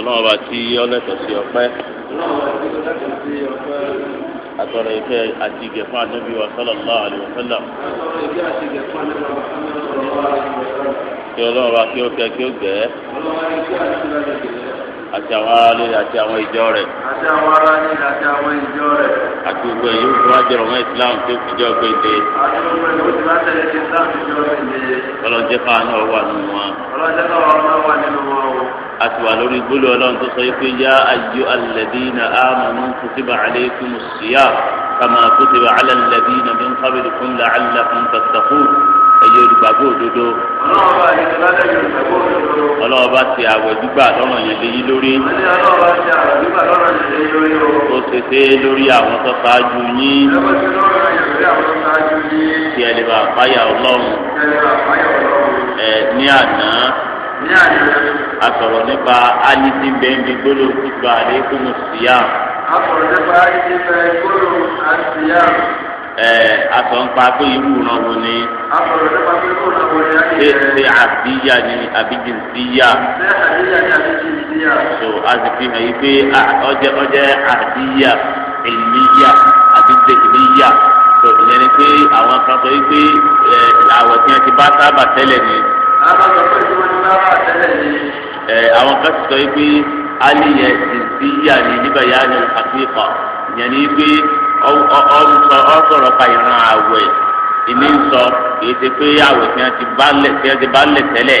ọlọ́run bá tí ọlẹ́tọ̀ sí ọpẹ́ àtọ̀rọ̀ ìfẹ́ àti ìgẹ̀fún ànábì wa sallallahu alaihi wasallam. kí ọlọ́run bá kí ó kẹ́ kí ó gẹ̀ ẹ́ àti àwọn aráàlú àti àwọn ìjọ rẹ̀. àti àwọn aráàlú àti àwọn ìjọ rẹ̀. àti gbogbo èyí ń fún àjọrò wọn islam tó fi jọ pé dé. àti gbogbo èyí ń fún àjọrò wọn islam tó fi jọ pé dé. ọlọ́jẹ́ káwọn náà wà nínú wọn. ọlọ́jẹ́ káwọn náà wà nínú wọn àtiwà lórí gbólóhùn ọlọ́run tó sọ pé yá ayé alẹ́dínà àmọ́nú kùtìbà àlẹ́kùn síyá kàmá kùtìbà alẹ́dínà mi ń kábìlì fún làálà fún tàtàkù ẹ̀yẹ olùgbàgbọ́ òdodo. ọlọ́ọ̀bá ti àwẹ̀ gbígbà lọ́nà yẹn léyìn lórí. ó ṣeṣe lórí àwọn tó ṣáájú yín. kí ẹ lè bá a fáyà ọlọ́run. ẹ ní àná. ní àná asọ̀rọ̀ nípa alisi bẹ́ẹ̀ni gbọ́dọ̀ gbígbà àlékún síyá. asọ̀rọ̀ nípa alisi bẹ́ẹ̀ni gbọ́dọ̀ síyá. ẹ asọ̀ nípa pé irú ràn wọ́n ni. asọ̀rọ̀ nípa pé irú ràn wọ́n ni. ṣé ṣe àbíyá ni àbíjì síyá. ṣé àbíyá ni àbíjì síyá. so a ti fi hàn yí pé ọjẹ́ ọjẹ́ àbíyá èlíyà àbíjì èlíyà so ìyẹn ni pé àwọn kan sọ yí pé àwọ̀ tí wọ́n ti bá sábà tẹ́lẹ̀ ni. àbá sọ pé tí wọ́n ti bá sábà tẹ́lẹ̀ ni ẹ àwọn kan ti sọ yìí pé ali yẹn ti ti yà ní níbẹ̀ yà ní àfihàn ìyẹn ní pé ọ sọ̀rọ̀ ka ìran àwẹ̀ ìní sọ kì í ṣe pé àwẹ̀ tí wọ́n ti bá tẹ́lẹ̀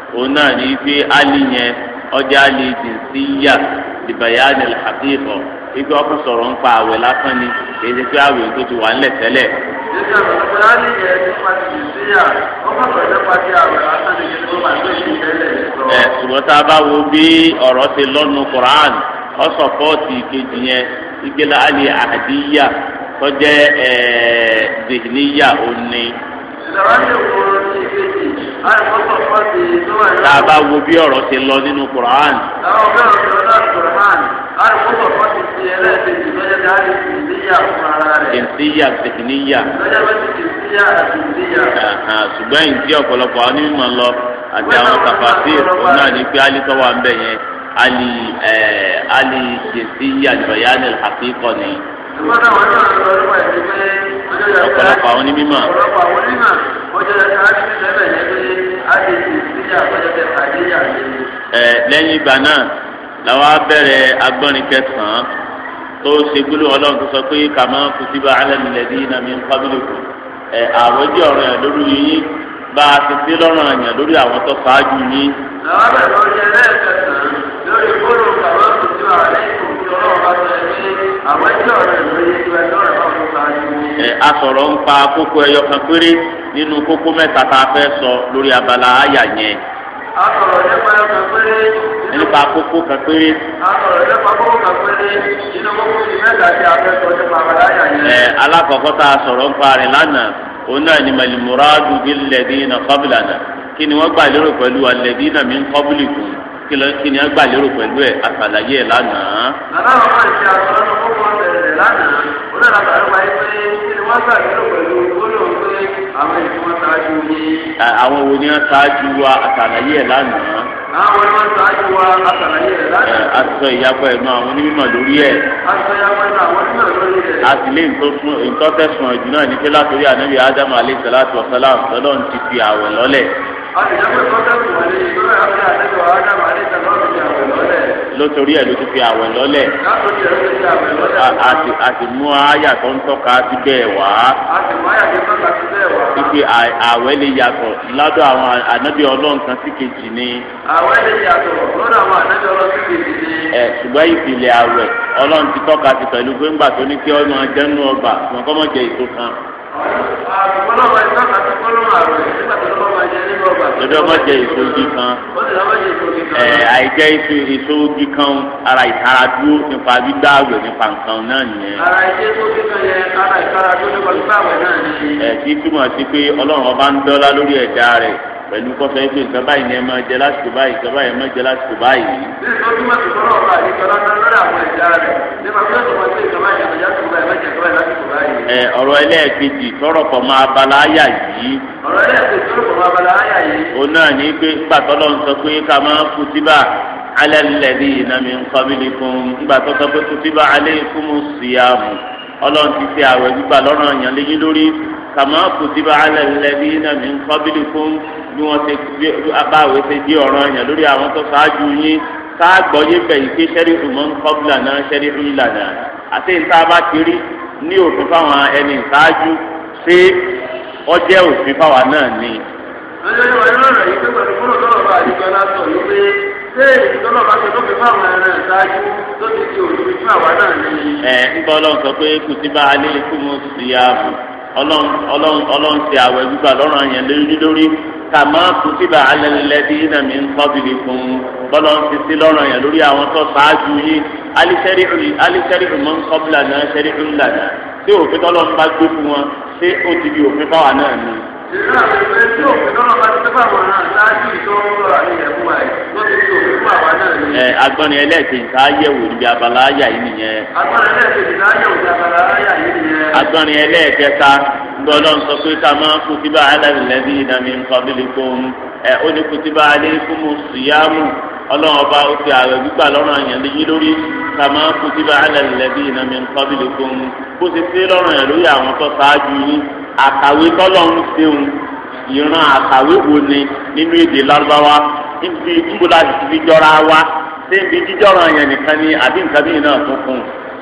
òun náà ní pé ali yẹn ọjà ali jìnsíyà ìbàyàn ìlàkìkọ ibi ọkùn sọ̀rọ̀ ń pa àwẹ̀ lásán ni pé àwẹ̀ tó ti wà ńlẹ̀ tẹ́lẹ̀. ẹ ṣùgbọ́n tá a bá wo bí ọ̀rọ̀ ti lọ́nu ọ ìkejì yẹn ali tọ́jẹ́ ẹ̀ẹ́dẹ̀gìníyà òní. bá wo bí ọ̀rọ̀ ti lọ nínú Quran. àwọn ọ̀gá ọ̀rọ̀ náà Quran alùpùpù kan ti fi ẹlẹ́ẹ̀kejì lọ́jọ́ dárí ìdíyà fún ara rẹ̀. ìdíyà tẹkíníyà. lọ́jọ́ bá ti ìdíyà àti ìdíyà. ṣùgbọ́n ìdí ọ̀pọ̀lọpọ̀ àwọn onímọ̀ lọ àti àwọn tàfàṣì òun náà ní pé alítọ́wà ń bẹ̀ yẹn ali ali jesiya bayani hakiko ni ọ̀pọ̀lọpọ̀ àwọn onímọ̀. ọ̀pọ̀lọpọ̀ àwọn onímọ̀ ọjọ́ ẹ lẹ́yìn ìgbà náà làwọn abẹ́rẹ́ agbọ́nrin kẹsàn-án tó ṣe gbólóhùn ọlọ́run tó sọ pé kàmá kùtìbà alẹ́ nílẹ̀ dín iná mi ń fábílì kù ẹ àròjọ ọ̀rọ̀ yẹn lórí yín bá a ti sí lọ́rùn àyàn lórí àwọn tó ṣáájú yín. làwọn abẹ́rẹ́ ọ̀rọ̀ yẹn lẹ́ẹ̀kẹsàn-án lórí gbólóhùn kàmá kùtìbà alẹ́ kù asọrọ bá àwọn a sọ̀rọ̀ ń pa kókó ẹyọ kan péré nínú abala a sọ̀rọ̀ nípa ẹyọ kan péré. nípa kókó kan péré. a sọ̀rọ̀ nípa kókó kan péré nínú kókó mẹ́ta tí a fẹ́ sọ nípa abala àyà yẹn. ẹ alákọ̀ọ́kọ́ tá a sọ̀rọ̀ ń pa lánàá òun náà ni bí lẹ́dínà kọ́bìlànà kí ni wọ́n gbà lérò pẹ̀lú kí lọ kí ni a gbà lérò pẹ̀lú ẹ̀ àtàlàyé ẹ̀ lánàá. bàbá àwọn máa ń ṣe àtúntò lọ́wọ́ fún ọ̀sẹ̀ rẹ̀ lánàá ó náà lábàá ló wáyé pé kí ni wọ́n gbà lérò pẹ̀lú gbólóhùn pé àwọn èèyàn wọn ṣáájú ni. àwọn wo ni wọn ṣáájú wa àtàlàyé ẹ̀ lánàá. àwọn ni wọn ṣáájú wa àtàlàyé ẹ̀ lánàá. a sọ ìyapọ̀ ẹ̀nu àwọn onímọ̀ lórí ẹ̀. a sọ ìyapọ̀ ẹ̀nu àwọn onímọ̀ lórí ẹ̀. a sì lé ntọ́tẹ̀sùn ọ̀jù náà ní pé látòrí ànábì ádámù alẹ́ sàlátù ọ̀sálàmù lọ́dọ̀ ti fi àwẹ̀ lọ́lẹ̀ lótorí ẹ ló ti fi àwẹ̀ lọ́lẹ̀ a sì mú àyà tó ń tọ́ka sí bẹ́ẹ̀ wá wípé àwẹ̀ lè yàtọ̀ lọ́dọ̀ àwọn ànábì Ọlọ́run kan sí kejì ni. àwẹ̀ lè yàtọ̀ lọ́dọ̀ àwọn ànábì Ọlọ́run sí kejì ni. ẹ ṣùgbọ́n ìpìlẹ̀ àwẹ̀ Ọlọ́run ti tọ́ka sí pẹ̀lú pé ńgbà tó ní kí ọ̀nà jẹ́nu ọgbà ṣùgbọ́n kọ́mọ̀jẹ̀ ètò kan lórí ọmọ jẹ èso igi kan ẹ àìjẹ èso èso igi kan ara ìtara dúró nípa gbígbá àwẹ̀ nípa nǹkan náà nìyẹn. ara ìjẹ èso igi kan yẹ ara ìtara dúró nípa gbígbá àwẹ̀ náà nìyẹn. ẹ ti túmọ̀ sí pé ọlọ́run ọba ń dọ́lá lórí ẹ̀dá rẹ̀ pẹ̀lú kọfẹ́ pé nǹkan báyìí ni ẹ máa jẹ lásìkò báyìí nǹkan báyìí ẹ máa jẹ lásìkò báyìí. bí ìtọ́jú máa ọ̀rọ̀ ẹlẹ́ẹ̀kejì tọrọ pọ̀ mọ́ abala àyà yìí. ọ̀rọ̀ ẹlẹ́ẹ̀kejì tọrọ pọ̀ mọ́ abala àyà yìí. òun náà ní pé nígbà tọ́lọ́ sọ pé ká máa kutiba ala alladhina min qablikum nígbà tó sọ pé kutiba alaykumus siyam ọlọ́run ti ṣe àwẹ̀ gbígbà lọ́rùn àyàn léyìn lórí kàmá kutiba ala alladhina min qablikum bí wọ́n ṣe abáwé ṣe di ọ̀ràn àyàn lórí àwọn tó ṣáájú yín ká gbọ́ yé bẹ̀yì pé shari'u man qablana shari'u lana àti ìta bá ti rí ní òfin fáwọn ẹni ìtajú ṣé ọjẹ́ òfin fáwọn náà ni. ọjọ́ ìwà ìlú ọ̀rọ̀ yìí pé pẹ̀lú fúnra tọ́lọ̀ bá àdìgbà lásán yìí pé ṣé ìtọ́lọ̀ bá ṣe lófin fáwọn ẹni ìtajú tó ti di òfin fáwọn náà ni. ẹ ń bọ́ lọ́n sọ pé kùtìbá alẹ́ ikú mo ti yá a fún. ọlọ́run ọlọ́run ọlọ́run ti àwẹ̀ gbígbà lọ́rùn àyàn lórí lórí kàmá kùtìbà alẹ́lẹ́dí nàmí nkọ́bìlì fún bọ́lọ́n ti sí lọ́rùn àyàn lórí àwọn tó ṣáájú yín alísẹ́rì ìmọ̀ nkọ́bìlà náà sẹ́rì ńlá náà tí òfin tọ́lọ́ bá gbé fún wọn ṣé ó ti di òfin fáwa náà ni. ẹ agbọ́nrin ẹlẹ́ẹ̀kejì tá a yẹ̀wò níbi abala ayà yìí nìyẹn. agbọ́nrin ẹlẹ́ẹ̀kejì tá a yẹ̀wò níbi abala ayà yìí nìyẹn agbọ́nrin ẹlẹ́ẹ̀kẹta gbọ́dọ̀ sọ pé ká máa kutiba alẹ́lẹ́bí ìdàmì qablikum ẹ̀ ó ní kutiba alaykumu siyamu ọlọ́run ọba ó ti ààrẹ gbígbà lọ́rùn àyàn léyìn lórí ká máa kutiba alẹ́lẹ́bí ìdàmì qablikum bó ti sí lọ́rùn ẹ̀ lórí àwọn tó ṣáájú yín àkàwé tọ́lọ́run ṣeun ìran àkàwé wo ni nínú èdè lárúbáwá níbi ìbúlá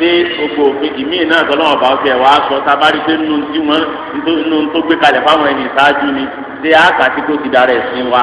pé gbogbo òkejì míì náà tọ́lọ́wọ́ bá ọkẹ́ wàá sọ tábàrí pé nínú tí wọ́n nínú tó gbé kalẹ̀ fáwọn ẹni ìṣáájú ni ṣé àkàtí tó ti dára ẹ̀sìn wa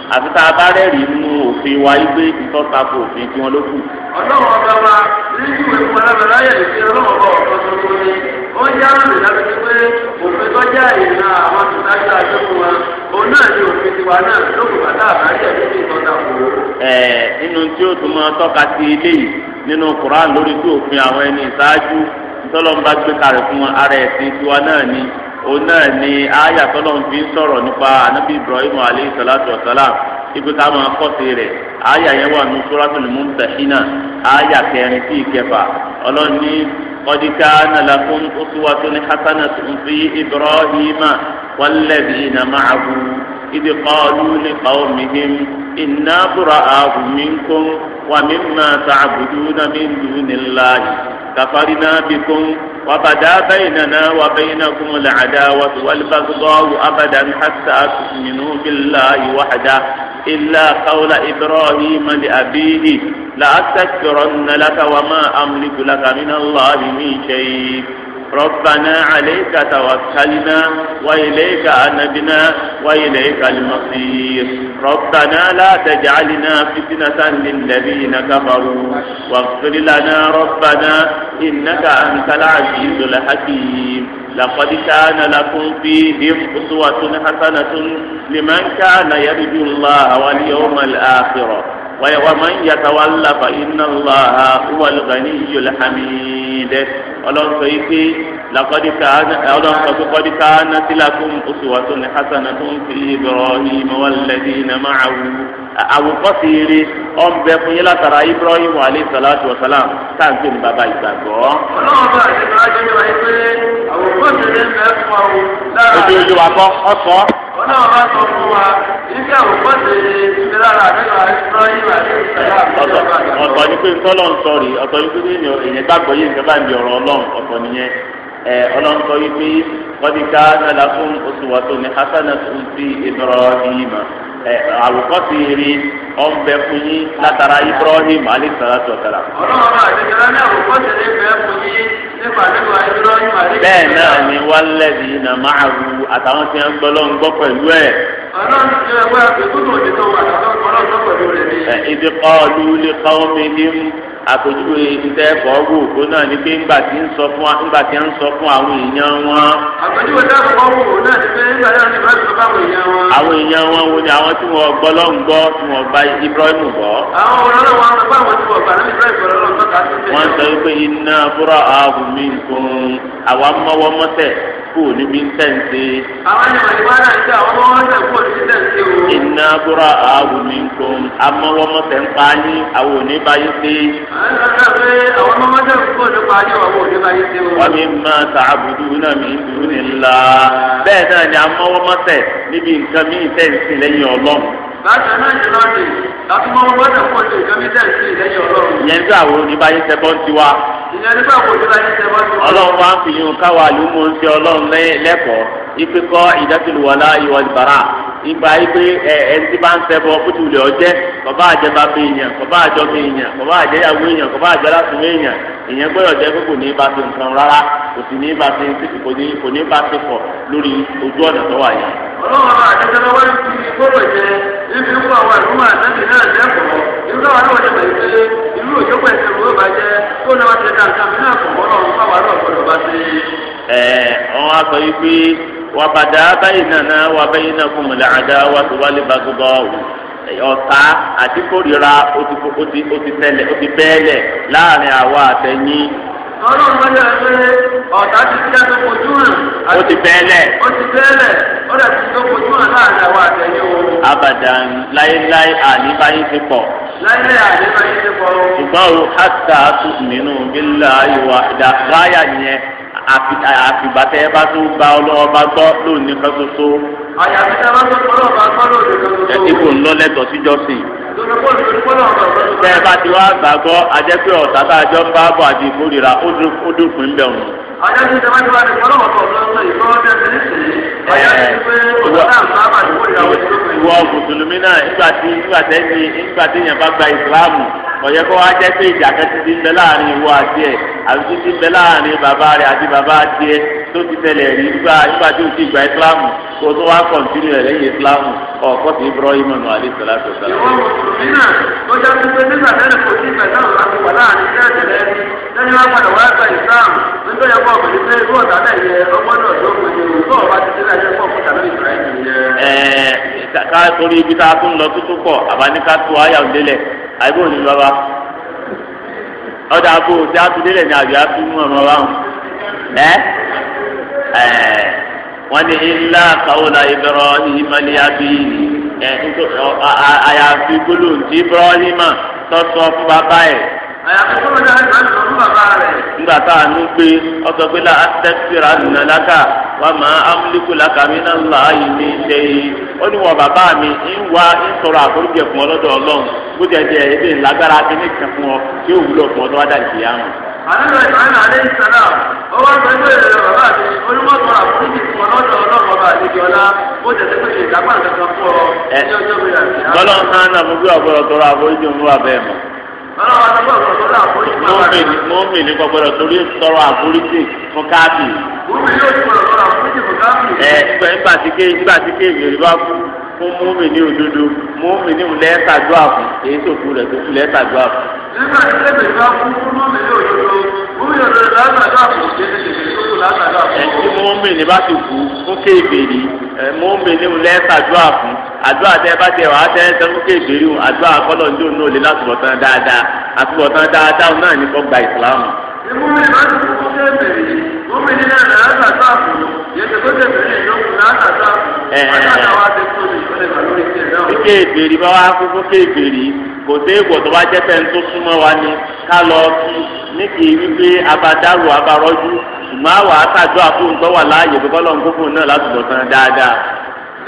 àfi tá a bá rẹ́rìí nínú òfin wa wípé ìtọ́ta kò òfin tí wọ́n ló kù. ọlọ́run ọba wa nínú ìwé wọn lábẹ́ láyé ìfẹ́ ọlọ́run ọba ọ̀tọ̀ tuntun ni ó yá lòdì láti fi pé òfin tó jẹ́ ìrìnà àwọn tòtájà àjọkù wa òun náà ni òfin tiwa náà lókùn bàtà àbájẹ nínú ìtọ́ta kò. ẹ nínú tí ó tún máa tọ́ka sí eléyìí nínú Kùránì lórí tí òfin àwọn ẹni ìṣáájú ìtọ́lọ́mbá òun náà ni àyà tọ́lọ́ fi ń sọ̀rọ̀ nípa anabi ibrahim alayhi salatu wa salam ibi ká máa rẹ̀ àyà yẹn wà ní suratul mumtahina àyà kẹrin sí ìkẹfà ọlọ́ni qad kana lakum uswatun hasanatun na ibrahima walladhina ma'ahu إذ قالوا لقومهم إنا براء منكم ومما تعبدون من دون الله كفرنا بكم وبدا بيننا وبينكم العداوة والبغضاء أبدا حتى تؤمنوا بالله وحده إلا قول إبراهيم لأبيه لأستكبرن لك وما أملك لك من الله من شيء ربنا عليك توكلنا وإليك أنبنا وإليك المصير ربنا لا تجعلنا فتنة للذين كفروا واغفر لنا ربنا إنك أنت العزيز الحكيم لقد كان لكم فيهم أسوة حسنة لمن كان يرجو الله واليوم الآخر ومن يتولى فإن الله هو الغني الحميد ọlọ́run sọ yìí pé lakọ́díkà ọlọ́run sọ pé kọ́díkà násìlákùn oṣùwàtò ní hasana tó ń fi ibrahim wàlẹ́dí iná máa wù. àwòkọ́sí eré ọ̀nbẹ fún yín látara ibrahim alayhi salatu wa salam táǹkì ní bàbá ìgbàgbọ́. ọlọ́run bá ìgbàgbọ́ ṣe wáyé pé àwòkọ́sí eré ń bẹ fún àwọn. ojú ojú wa kọ́ ọ̀sán wọn náà bá sọ fún wa ibi àwòkọ́ ṣe ṣe lára àdéhùn àìsàn yìí wà ní ìṣẹ̀lẹ̀ àgbàdo. ọ̀tọ̀ ni pé ntọ́lọ́ ń sọ rí ọ̀tọ̀ ni pé èèyàn gbàgbọ́ yìí nǹkan bá ń di ọ̀rọ̀ ọlọ́run ọ̀tọ̀ nìyẹn ẹ ọlọ́run sọ yìí pé wọ́n ti ká nàlàkùn oṣù wàtò ní hasanatun fi Ibrahima ẹ àwòkọ́sí rí ọ̀nbẹ fún yín látara Ibrahim alisalaatu ọ̀tara. ọlọ́run àdìgbẹ́lá ní àwòkọ́sí rí bẹ́ẹ̀ nípa nípa Ibrahim alisalaatu. bẹ́ẹ̀ náà ni wálẹ̀dì iná máa àtàwọn tí wọ́n gbọ́ pẹ̀lú ti ẹgbẹ́ wà àpèjúwe ìtẹ fọwọ́ òkú náà ni pé ńgbà tí ń sọ fún àwọn èèyàn wọn. àpèjúwe tẹ náà pé ńgbà tí wọn sọ fún àwọn èèyàn wọn. àwọn èèyàn wọn wo ni àwọn tí wọn gbọ́ lọ́n gbọ́ tí wọn bá Ibrahim bọ́. àwọn ọlọ́run wọn sọ pé àwọn wọn ní Ibrahim mi àwa mọ́wọ́ mọ́tẹ̀. kó níbi tẹ̀sí. àwọn ẹni wọ̀nyí wá náà ń tẹ àwọn ọmọ wọn náà kó níbi tẹ̀sí o. iná búra àwọn nìkan amọ́wọ́mọ́sẹ̀ ń pa ní àwọn òní báyé sí. àwọn ọmọ mọ́tẹ́ kó nípa ní àwọn òní báyé sí o. wọ́n mi máa ta àbùdù náà mi dùn ní ńlá. bẹ́ẹ̀ náà ni amọ́wọ́mọ́sẹ̀ níbi nǹkan mí bákan náà ní lọ́ọ̀dì láti mọ ọmọ gbọ́dọ̀ kó lè jọ mí tẹ̀sí lẹ́yìn ọlọ́run. ìyẹn ń gbà wo ní báyé sẹ́kọ́ń ti wá. ìyẹn nígbà wo ní báyé sẹ́kọ́ń ti wá. ọlọ́run wá ń fi yun káwa lùmọ̀ ń ṣe ọlọ́run lẹ́kọ̀ọ́ ipe kọ́ ìdátìlúwọlá ìwà ìbára ìgbà ipe ẹ ẹntì bá ń sẹ́bọ̀ kútu lè ọjẹ́ kọ̀bá àjẹba bẹ èèyàn kọ̀bá àjọba èèyàn kọ̀bá àjẹyàwó èèyàn kọ̀bá àjẹlásùnmí èèyàn èèyàn gbọ́dọ̀ jẹ́ pé kò ní bá ti nǹkan rárá kò sì ní bá ti kò ní bá ti pọ̀ lórí ojú ọ̀nà tó wà yẹn. ọlọ́run àtẹ̀sẹ̀ lọ́wọ́ ti gbọ́dọ̀ jẹ ibi ikú àwọn ìfúnmọ́ àtẹ́sẹ̀ náà lẹ́kọ̀ọ́ ìlú náà wà lọ́wọ́ ìlú òjòkó ẹsẹ̀ ló bá jẹ́ kó náà wá ti ká nǹkan mìíràn kọ̀ọ̀kan náà wọ́n bá wà lọ́wọ́ wàbàdà báyìnàna wà báyìnàkùn làdá wà tó wà lè bàgbọ́ ọ̀tá àti kórìíra ó ti tẹ̀lẹ̀ ó ti bẹ́ẹ̀lẹ̀ láàrin àwa àtẹ̀yìn. ọlọ́run wọlé ẹgbẹ́ ọ̀tá ti fi ẹgbẹ́ fojú hàn. ó ti bẹ́ẹ̀lẹ̀. ó ti ti tó fojú hàn láàrin àwa o. abadan láéláé àníbáyé ti pọ̀. láéláé àníbáyé ti pọ̀. ṣùgbọ́n o hàtà tún nínú bílà ìwà ìdàgbáyà yẹn àfìgbà tẹ ẹ bá tó gba ọlọ́wọ́ bá gbọ́ lónìí kan ṣoṣo. àyàfi tẹ ẹ bá tó gba ọlọ́wọ́ bá gbọ́ lónìí kan ṣoṣo. ẹtí kò ń lọ lẹ́tọ̀ọ́ síjọ́sìn. tẹ ẹ bá ti wá gbàgbọ́ àjẹpẹ́ ọ̀tá tá a jọ ń bá bọ̀ àti ìkórìíra ó dúpin bẹ̀rù. àjẹpẹ́ tẹ ẹ bá ti wá gbàgbọ́ ìwọ mùsùlùmí náà nígbà tí nígbà tẹ́sí nígbà tí èèyàn bá gba ìsìláàmù ọ̀yẹ́ kó wá jẹ́ pé ìjà kan ti ti ń bẹ láàrin ìwọ àti ẹ̀ àti ti ti ń bẹ láàrin bàbá rẹ̀ àti bàbá tiẹ̀ tó ti tẹ̀lé rí nígbà nígbà tí o ti gba ìsìláàmù kó o tó wá kọ̀ǹtínú rẹ̀ lẹ́yìn ìsìláàmù ọ̀kọ́ ti bọ́ ìmọ̀nù alẹ́ sọ̀rọ̀ àtọ̀sọ̀. ìwọ mùsùlùmí náà ló jẹ́ pé nígbà tẹ́lẹ̀ kò sí ìgbà náà láti wà láàrin ìjẹ́ àtẹ̀lẹ́ ẹni lẹ́ni wá padà wá gba ìsìláàmù nítorí ẹ̀kọ́ ọ̀gbìn ká torí ibi tá a tún lọ tuntun pọ̀ àbá ní ká tó àyà òdélẹ̀ àìbò ní bàbá ọ̀dà àbò tí a tún délẹ̀ ní àbí a tún mú ọmọ wa hàn ẹ́ ẹ́ wọ́n ní ilá kàwọ́lá Ibrahim ní abí ẹ̀ àyàfi gbólóhùn tí Ibrahim tọ́sọ fún bàbá ẹ̀ nígbà tá a nu pé ọsọ pé la tẹsíra nínú laka wà má amúlíkù laka mi yìí ní ilé yìí. ó ní wọn bàbá mi ń wá ń sọ̀rọ̀ àforíjì fún ọ lọ́dọ̀ Ọlọ́run bó ti ẹjẹ ebi lágbára kíní kan fún ọ tí ó wúlò fún ọ tó wá dà nìyí àwọn. àlejò ìmáàmù aleyhi salam ó wá sọ pé èrè bàbá mi olúmọ sọ àforíjì fún ọ lọ́dọ̀ Ọlọ́run bàbá àlejò ọlá bó ti ẹjẹ pé ìdàgbà kankan fún ọ ní ọjọ́ mi àti àwọn. bọ́lá ń hán náà mo gbé ọ̀gbọ́dọ̀ tọrọ àforíjì òun wà bẹ́ẹ̀ mọ́ mọ́mìnì kọ́gbọ́dọ̀ torí àforíjì fún ẹ nígbà tí ké fún múmi ní òdodo múmi ní lẹ́ẹ̀ta dó àfún èyí tó kú rẹ̀ tó kú lẹ́ẹ̀ta dó àfún. nígbà tí ké èrè fún múmi ní òdodo múmi ní lẹ́ẹ̀ta dó àfún èyí tó kú lẹ́ẹ̀ta dó àfún. ẹ tí ní bá ti kú fún kébèrè ẹ múmi ní lẹ́ẹ̀ta dó àfún àdúrà tẹ bá tẹ wàá tẹ sẹ fún kébèrè àdúrà kọlọ̀ ní òun náà lè látúbọ̀tán dáadáa àtúbọ̀tán dáadáa náà ní kọ́ gba ìsìlámù ìmúmi máa ń tún kókè bèrè ìmúmi nínú ẹ̀rọ àtàtà àbò yẹtẹ kókè bèrè ìyókù látàtà àbò àtàtà wa ti tó ní ìfẹ́ ìbàlórí ìfẹ́ náà. kókè bèrè bá wa kó kókè kò dé ìwọ̀ tó bá jẹ́ pé ń tó súnmọ́ wa ni ká lọ kí ní kì í wípé abadárò abarọ́jú ṣùgbọ́n àwọn àtàjọ àfóńtọ́ wà láàyè bí kọ́lọ́ ń gbógun náà láti tán dáadáa.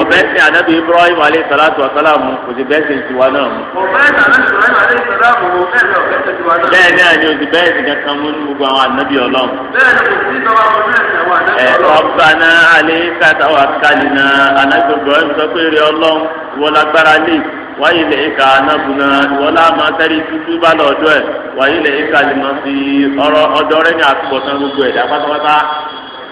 ọbẹ̀ sin anabi ibrahim aleyhi salatu wa salamu kò sì bẹ́ẹ̀ sin tiwa náà bẹ́ẹ̀ ni àní òsì bẹ́ẹ̀ sin kankan mú ní gbogbo àwọn anabi ọlọ́run. ẹ ọ̀bànà alayka tawakkalna anabi ibrahim sọ pé rí ọlọ́run wọ́n lágbára wáyé lè ka máa tútú bá lọ́dọ̀ ẹ̀ wáyé lè ka lè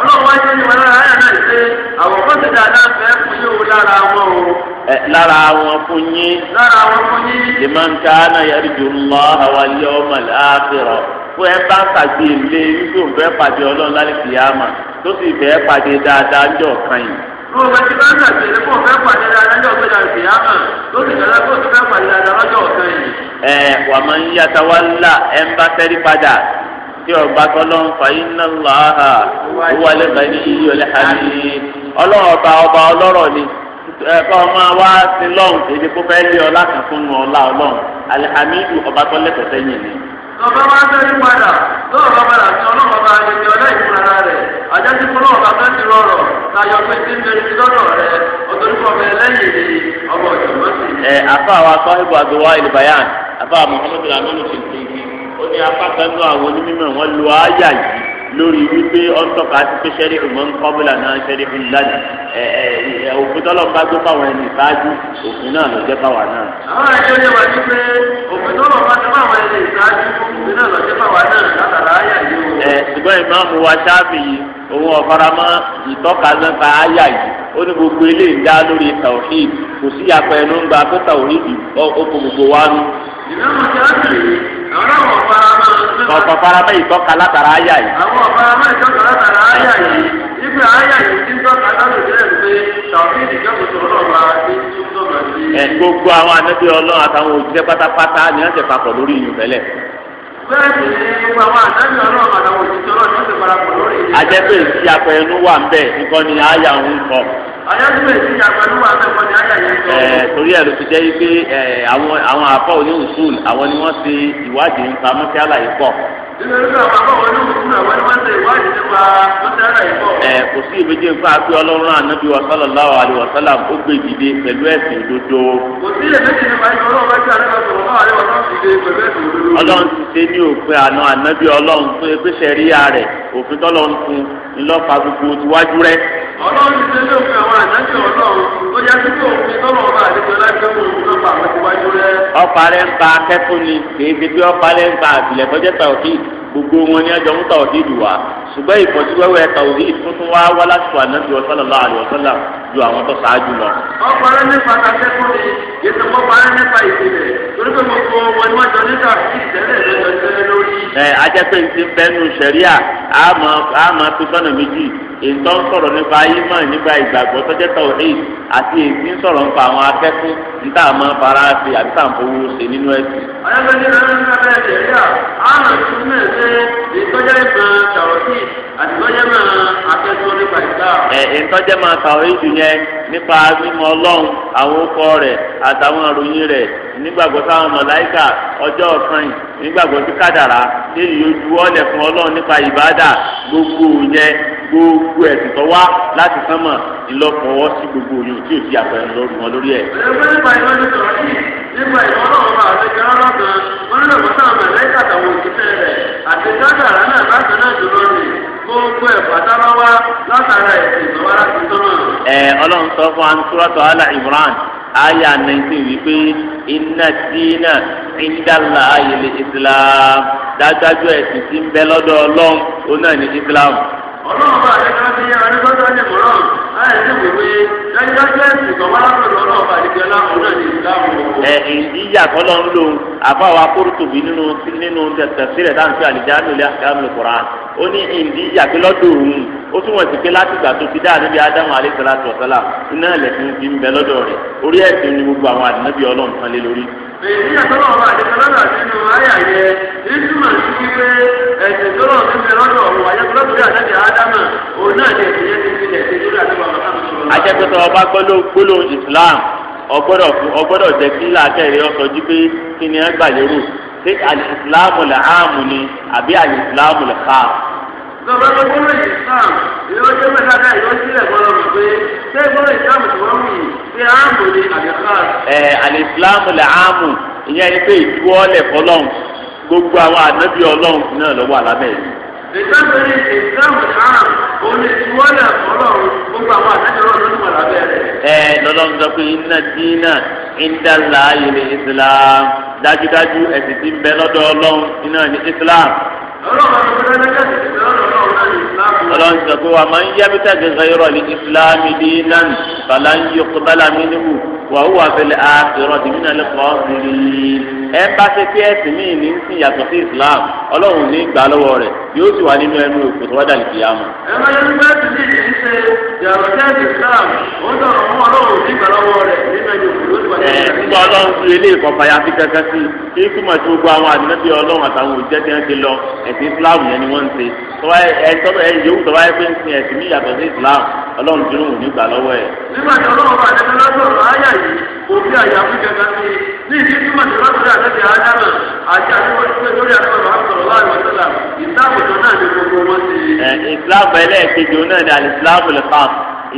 ọlọ́run wáyé ní wọn lára ayà náà ṣe àwọn kan ti dáadáa fẹ́ fún yóò lára wọn o. lára wọn fún yín. lára wọn fún yín. liman kana yarju Allaha wal yawmal akhir fún ẹ bá ń tàgbé ilé wípé òun fẹ́ pàdé ọlọ́run lálẹ́ kìyàmà tó sì fẹ́ pàdé dáadáa ńjọ kan yìí. Mo bẹ bá ń tàgbé ilé fún fẹ́ pàdé dáadáa ńjọ kan yìí Ẹ wà máa ń yàtọ̀ wá ńlá ẹ ń bá tẹ́rí padà tí ọba tọ́lọ́n fa iná láha owó alẹ́ kan ní ọba ọba ọba tọ́lẹ̀ yìí ni. ọba máa ń tẹ́lẹ̀ padà padà ọba àgbègbè ọ̀dọ́ ìfúnra rẹ̀ àjẹsí fún ọba fẹ́ ti rọrọ̀ pé tí ń ti lọ́rọ̀ rẹ̀ lẹ́yìn ọmọ ó ní apá kan tó àwọn onímọ̀ wọn lo àyà yìí lórí wípé ọ̀ńtọ́ka ti pé sẹ́rí ìmọ̀ ń kọ́bílà náà sẹ́rí ìmọ̀ lánàá ẹ ẹ òfin tọ́lọ́pàá gbé fáwọn ẹni ìsáájú òfin náà ló jẹ́ fáwọn náà. àwọn ẹni ó lè wà ní pé òfin tọ́lọ́pàá gbé fáwọn ẹni ìsáájú òfin náà ló jẹ́ fáwọn náà látara àyà yìí o. ẹ ṣùgbọ́n ìmáàmù wa ṣáàbì yìí òun ọ̀faramọ́ ìtọ́ka nípa àyà yìí ó ní gbogbo eléyìí dá lórí tàwíìd kò sí ìmáàmù Ṣáfi'í ọ̀rọ̀ wọn fara ọ̀pọ̀ fara ìtọ́ka látara àyà yìí. àwọn ọ̀fara mọ́ ìtọ́ka látara àyà yìí ibi àyà yìí ti ń tọ́ka lọ́dún jẹ́ tàbí ìdíjọ́kùn tó lọ́ba ti ń tọ́ka sí. ẹ gbogbo àwọn Ọlọ́run àtàwọn òṣìṣẹ́ pátápátá ni wọ́n ti papọ̀ lórí ìyún bẹ́ẹ̀ ni gbogbo àwọn Ọlọ́run àtàwọn òṣìṣẹ́ Ọlọ́run ti lórí ìyún torí ẹ̀ ló fi jẹ́ pé àwọn àwọn afọ oníwùsùn àwọn ni wọ́n ṣe ìwádìí nípa mọ́tíálà yìí pọ̀. kò sí ìbejì nfa pé ọlọ́run ànábi wa sallallahu alaihi wa sallam ó gbé dìde pẹ̀lú ẹ̀sìn òdodo. kò sí ìbejì nfa pé ọlọ́run bá ti àlẹ́ bá sọ̀rọ̀ náà àlẹ́ wa sallam dìde pẹ̀lú ẹ̀sìn òdodo. ọlọ́run ti ṣe ní òpin àná ànábi ọlọ́run tó ẹgbẹ́ sẹ́ríyà rẹ̀ òfin tọ́lọ́run fún ńlọ́pàá gbogbo tiwájú rẹ̀ ọlọ́run ti lé òfin àwọn àdájọ́ ọlọ́run tó yá sí pé òfin tọ́lọ̀ ọba àdéjọ lájọ́ mọ̀ òun náà pàmò síwájú rẹ. ọ̀pá rẹ̀ ń ba akẹ́kọ̀ọ́ ni kì í fi bí ọ̀pá rẹ̀ ń ba àbílẹ̀ tàwọ́tì gbogbo wọn ni ẹjọ́ ń tàwọ́tì dù wá ṣùgbọ́n ìfọ̀síwẹ́wẹ́ tàwọ́tì tuntun wá wá lásìkò ànábì ọ̀sọ́lọ́lá àlùfọ́lá lọ. ọ̀pọ̀ rẹ̀ nípa akẹ́kọ̀ọ́ sẹ̀ríà àmọ́ àmọ́ pípọ́nà méjì ètò sọ̀rọ̀ nípa ayímọ̀ nípa ìgbàgbọ́ tọ́jẹ́ tawhid àti èsì ń sọ̀rọ̀ nípa àwọn akẹ́kọ̀ọ́ níta àmọ́ fara ṣe àbí tàǹfowó ṣe nínú ẹ̀sìn. ọ̀yẹ́fẹ́lẹ́ náà ń sábẹ́ ẹ̀jẹ̀ yà áhùn tún náà ṣe ìtọ́jẹ́ ìmọ̀ tawhid àti ìtọ́jẹ́ máa akẹ́kọ̀ọ́ nípa ìgbà. ẹ̀ ìtọ́jẹ́ máa tawhid yẹn nípa mímọ̀ ọlọ́run àwọn orúkọ rẹ àtàwọn àròyìn rẹ nígbàgbọ́ sáwọn mọ̀láìkà ọjọ́ ọ̀sán nígbàgbọ́ sí kádàrá lẹ́yìn ojú ọ̀lẹ̀ fún ọlọ́run gbogbo yẹn gbogbo ẹ̀sìn tó wá láti sánmọ̀ sí gbogbo yòó tí nípa ìwọ́n náà àti kárọ́ kan wọn lè wọ́n sáà mẹ̀lẹ́kà tàwọn òkútẹ́ rẹ̀ àti dágàrá náà bákan náà jùlọ rè gbogbo ẹ̀ pàtàkì látara ẹ̀sìn ìgbà láti sọ́nà. ẹ sọ fún ala Imran aya nineteen wípé iná dínà ìdálà ayẹlẹ Islam tí ń bẹ ó náà ní Islam. ọlọ́run bá ẹjọ́ jẹ́ ìsọ̀wá lọ́dọ̀ ọlọ́ọ̀bà àdìgbẹ́ láwọn náà ní ìsìlámù. ẹ ìyá kọ́lọ́ ń lò àbáwá kórìtòbí nínú nínú tẹ̀sílẹ̀ dáńtí àlìjáàmù ilé àkàmù kura ó ní ìdíyà pé lọ́dọ̀ òun ó tún wọ̀n sí pé láti ìgbà tó ti dá àdébí ádámù alẹ́sàlátù ọ̀sálà iná ẹ̀lẹ́sìn ti ń bẹ lọ́dọ̀ rẹ̀ orí ẹ̀sìn ni gbogbo àwọn àdínábì ọlọ́run kan lé lórí. èyí àtọ́nà ọba àdìsọ́lọ́dọ̀ àti inú ayà yẹ èyí túmọ̀ sí wípé ẹ̀sìn tó lọ́ọ̀ ajẹ́pẹ́tọ́ ọba gbólóhùn islam ọgbọ́dọ̀ ọgbọ́dọ̀ jẹ́ kí làákẹ́rẹ́ jí pé kí ni ẹ gbà lérò ṣé alìsílámù lè áàmù ni àbí alìsílámù lè ká. lọ́ba tó gbọ́dọ̀ islam ìlú ọjọ́ mẹ́ta náà yóò sílẹ̀ gbọ́dọ̀ mọ̀ islam tó wọ́n mú yìí ṣé áàmù ẹ lè áàmù ìyẹn ni pé gbogbo àwọn ànábì náà lọ́wọ́ ìtàkùn ìsìlámù àm òní ìwọlẹ̀ ọlọ́run gbogbo àwọn àtẹ́jọ́ ọlọ́run ló mọ̀ lábẹ́ rẹ̀. ẹ lọ́lọ́run sọ pé iná dínà ìdálà ayèlè islam dájúdájú ẹ̀sìn tí ń bẹ lọ́dọ̀ ọlọ́run iná ní islam. ọlọ́run sọ pé wà máa ń yá bíta gẹ́gẹ́ ní islam dínà fàlàyé kọ́bálà mínú wà ó wà fẹ́lẹ́ àkèrọ̀ tìmínà lẹ́kọ̀ọ́ ẹ bá ṣe pé ẹsìn míì ní sí yàtọ̀ sí islam ọlọ́run ní gbà lọ́wọ́ rẹ̀ yóò sì wà nínú ẹnu òkú tó wá dà lùkìyà mọ́. ẹ máa ń gbé ti ní ṣe yàtọ̀ sí islam ó ń sọ̀rọ̀ fún ọlọ́run ní gbà lọ́wọ́ rẹ̀ nínú ẹnu òkú tó wá dà lùkìyà mọ́. ẹ nígbà ọlọ́run fi ilé ìkọ̀ọ̀fà ya fi kankan sí kí túmọ̀ sí gbogbo àwọn àdínábí ọlọ́run àtàwọn òjẹ́ tí wọ́n ti lọ ẹ̀sìn islam yẹn ni wọ́n ń ṣe yòówù tó báyìí pé ń sin ẹ̀sìn ní ìyàtọ̀ sí islam ọlọ́run dúró wù nígbà lọ́wọ́ ẹ̀. nígbà tí ọlọ́run bá dẹ́gbẹ́ lọ́sọ̀rọ̀ áyà yìí kò fi àyà fún kẹta sí i ní ìdí túmọ̀ sí lọ́sọ̀rọ̀ ànábì ádámà àti àdúgbò lórí àdúgbò mọ́tòrò láàrin ọ̀sẹ̀là ìsìláàmù tó náà ní gbogbo wọn ti. ìsìláàmù ẹlẹ́ẹ̀kejì òun náà ni àlìsìláàmù lè pa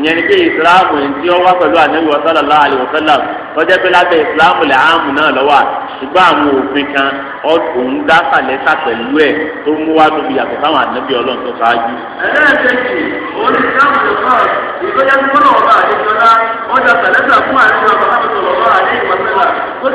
ìyẹn ni pé ìsìláàmù tí ó wá pẹ̀lú ànábì sallallahu alaihi wasallam lọ́jọ́ pé lábẹ́ ìsìláàmù lẹ̀ áàmù náà lọ́wọ́ ṣùgbọ́n àwọn òfin kan òun dá sàlẹ́sà pẹ̀lú ẹ̀ tó mú wá tóbi yàtọ̀ sáwọn ànábì ọlọ́run tó ṣáájú. ẹlẹ́ẹ̀kejì òun ni ìsìláàmù tó kọ́ ìgbéyà tó gbọ́dọ̀ ọ̀gá àdéjọ́lá wọ́n dá sàlẹ́sà fún àdéjọ́ ọ̀gá àdéjọ́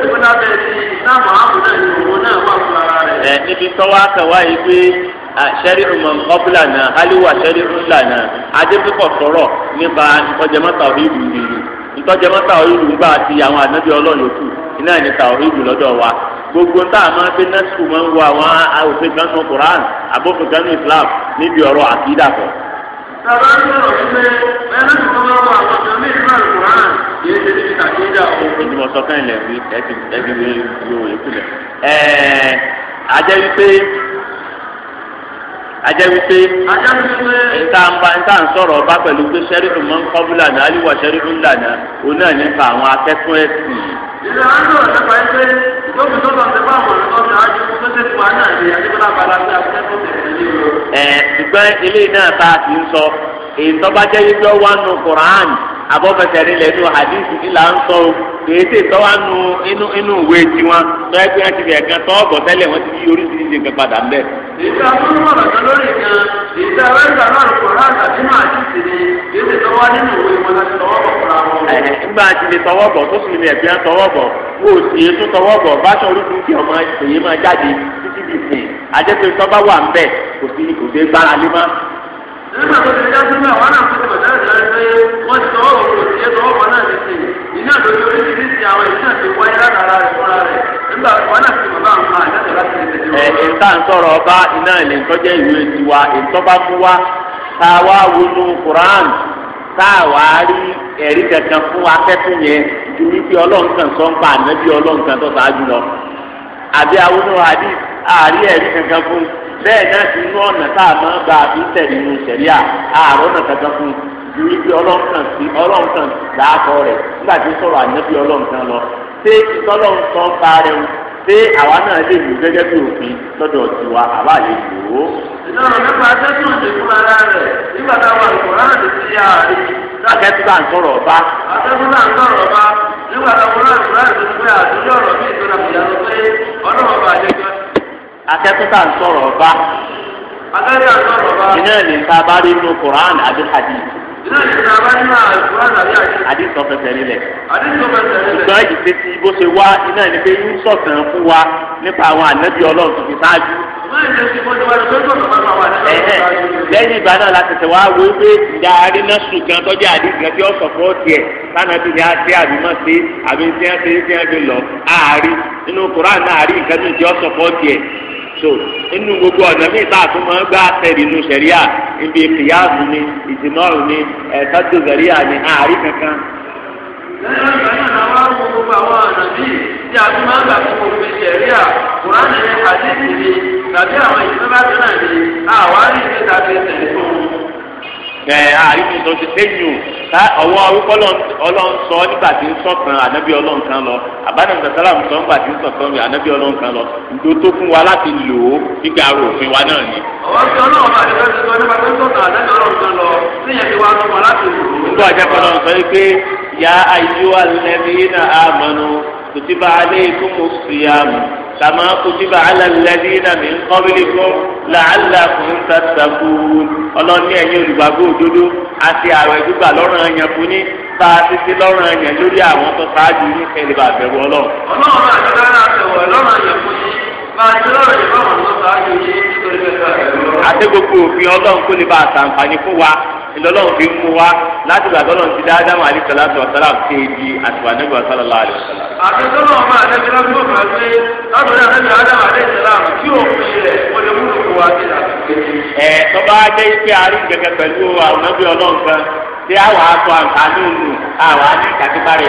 ọ̀gá àdéjọ́ sẹ́ríù mọ̀ ọ́bùlà na haliwa na ńlá náà adébíkọ̀ sọ̀rọ̀ nípa ntọ́jẹmọ́ta òhìrù ìlú ntọ́jẹmọ́ta òhìrù ńgbà àti àwọn ànábì ọlọ́run yòókù iná ìníta òhìrù lọ́dọ̀ wa gbogbo ń wo àwọn Quran Islam níbi akida kọ. sábà ń ẹni tó wà lọ́jọ́ ní Islam yéé ṣe o. ajẹ́ wípé nta ọba pẹ̀lú pé sẹ́ríkù mọ́ nkọ́bù lànà aliwa sẹ́ríkù lànà òun náà nípa àwọn akẹ́kọ̀ọ́ ẹ̀sìn. ìlú àánú ọ̀sẹ̀ tó lọ ọ̀sẹ̀ àjọ tó fún àná àti àdébọ́lá akẹ́kọ̀ọ́ ilé náà a ti ń sọ èyí yíyọ wà nù Qur'an abọ́fẹsẹ̀rin lẹ́nu hadith ń sọ kéde tọ́wá nu inú ìta múlùmọ̀ràn kan lórí kan ìta wẹ́ẹ̀dà náà nínú òwe wọn láti fúnra wọn. tó sì á tọwọ bọ sì orúkú kí ọmọ máa jáde títí di sìn àjẹpẹ́ tọ́ba wà ń bẹ̀ kò sí kò dé gbára lé má. nígbà tó ti dá sílẹ̀ wọn náà tó iná lórí oríṣiríṣi àwọn iná ti wáyé látara rẹ̀ fúnra rẹ̀ nígbà wọn náà ti bàbá àwọn máa jáde láti lè tẹ̀lé wọn. ń sọ̀rọ̀ ọba iná ilé ìtọ́jẹ́ ìwé tiwa ìtọ́ba fún wa tá a wá wọnú Quran tá a wá rí ẹ̀rí kankan fún akẹ́kọ̀ọ́ yẹn ju wípé ọlọ́nkan sọ ń pa ànábì ọlọ́nkan tó ṣáájú lọ àbí awúnú àdí àárí ẹ̀rí kankan fún bẹ́ẹ̀ náà ti nú ọ̀nà tá a máa gba àbí tẹ̀lé àárọ̀ ọ̀nà kankan fún ju ibi ọlọ́nkàn sí ọlọ́nkàn làákọ rẹ̀ nígbà tí sọ̀rọ̀ ànábì ọlọ́nkàn lọ ṣé ìtọ́lọ́nkàn bá rẹ̀ ń ṣé àwa náà lè lò gẹ́gẹ́ bí òfin lọ́dọ̀ tiwa àbá lè lò ó. ìdáhùn nípa tẹ́tù òde fún ara ti yá rí. akẹ́tù bá ń sọ̀rọ̀ ọba. akẹ́tù bá ń sọ̀rọ̀ ọba nígbà táwọn àlùkòrán àti ti rí ọ̀rọ̀ bí ìtura iná ìṣẹ̀lẹ̀ abáyé àdúrà tàbí àṣẹ. àdìsọ fẹsẹ̀ nílẹ̀. àdìsọ fẹsẹ̀ nílẹ̀. ṣùgbọ́n ìṣe ti bó ṣe wá iná ni pé ń sọ̀tàn fún wa nípa àwọn ànábì ọlọ́run tó fi ṣáájú. lẹ́yìn ìgbà náà la tẹ̀sẹ̀ wá wo pé ìyá aríná ṣùgbọ́n tọ́jú àdìsọ tí ó sọ fún ọ tiẹ̀ lánàá bí ní àti àbí má ṣe àbí tí wọ́n ṣe tí wọ́n fi lọ àárí nínú kùrán náà àárí nǹkan tó ń ṣe ọ so inú gbogbo ọ̀nà míì tá a tún máa ń gbá tẹ̀lé inú sẹ̀ríà ibi kìyàmù ni ìdìmọ́rù ni ẹ̀ẹ́dọ́tò sẹ̀ríà ni àárín kankan. lẹ́yìn ọ̀gá náà ni wọ́n gbogbo àwọn ọ̀nà tí a tún máa ń gbà fún kùránì ní àdéhùn ni tàbí àwọn bá àwárí ẹ àríwí tó ti sẹ́yìn o ọwọ́ orúkọ ọlọ́run sọ nígbà tí ń sọ̀kan ànábì kan lọ àbádàn sàlám sọ nígbà tí ń sọ̀kan ànábì kan lọ ǹdó tó fún wa láti lò ó àrò òfin wa náà ni. ọwọ́ ọlọ́run ànábì kan lọ láti lò ó. nígbà tí sọ pé ya ayyuhal ladhina amanu kutiba kàmá kùtìbà alàlẹ́dínà mi kọ́bílì fún làálà fún tàtàkù ọlọ́ní ẹ̀yìn olùgbàgbọ́ òdodo àti ààrẹ gbígbà lọ́rùn ẹ̀yàn fún ní bá a ti ti lọ́rùn ẹ̀yàn lórí àwọn tó ṣáájú ní kẹlẹ́bà bẹ̀rù ọlọ́run. ọlọ́run àti rárá àtẹ̀wọ̀ lọ́rùn ẹ̀yàn fún yín bá a ti lọ́rùn ẹ̀yàn fún àwọn tó ṣáájú ní kẹlẹ́bà bẹ̀rù ọlọ́run. àti gbogbo òfin ọlọ́run kó lè bá a ṣàǹfààní fún wa ìlọlọ́run fi ń mú wa láti gbàgbọ́ lọ́n ti dáadáa máa lè sọ̀lá sọ̀rọ̀ sọ̀rọ̀ kéèjì àtìwà nígbà sọ̀rọ̀ lọ́wọ́ àlè sọ̀rọ̀. àtẹ̀sọ́nà ọmọ àtẹ̀sọ́nà tó fà ṣe látọ̀dá àtẹ̀sọ́nà ádámù àlè sọ̀rọ̀ tí ò fi rẹ̀ wọlé múlò fún wa sí ẹ tọ́ba jẹ́ ipe àárín gẹ́gẹ́ pẹ̀lú àwọn ọ̀nàbí ọlọ́nkan tí àwọn aṣọ àǹfààní òòlù àǹfààní kan lára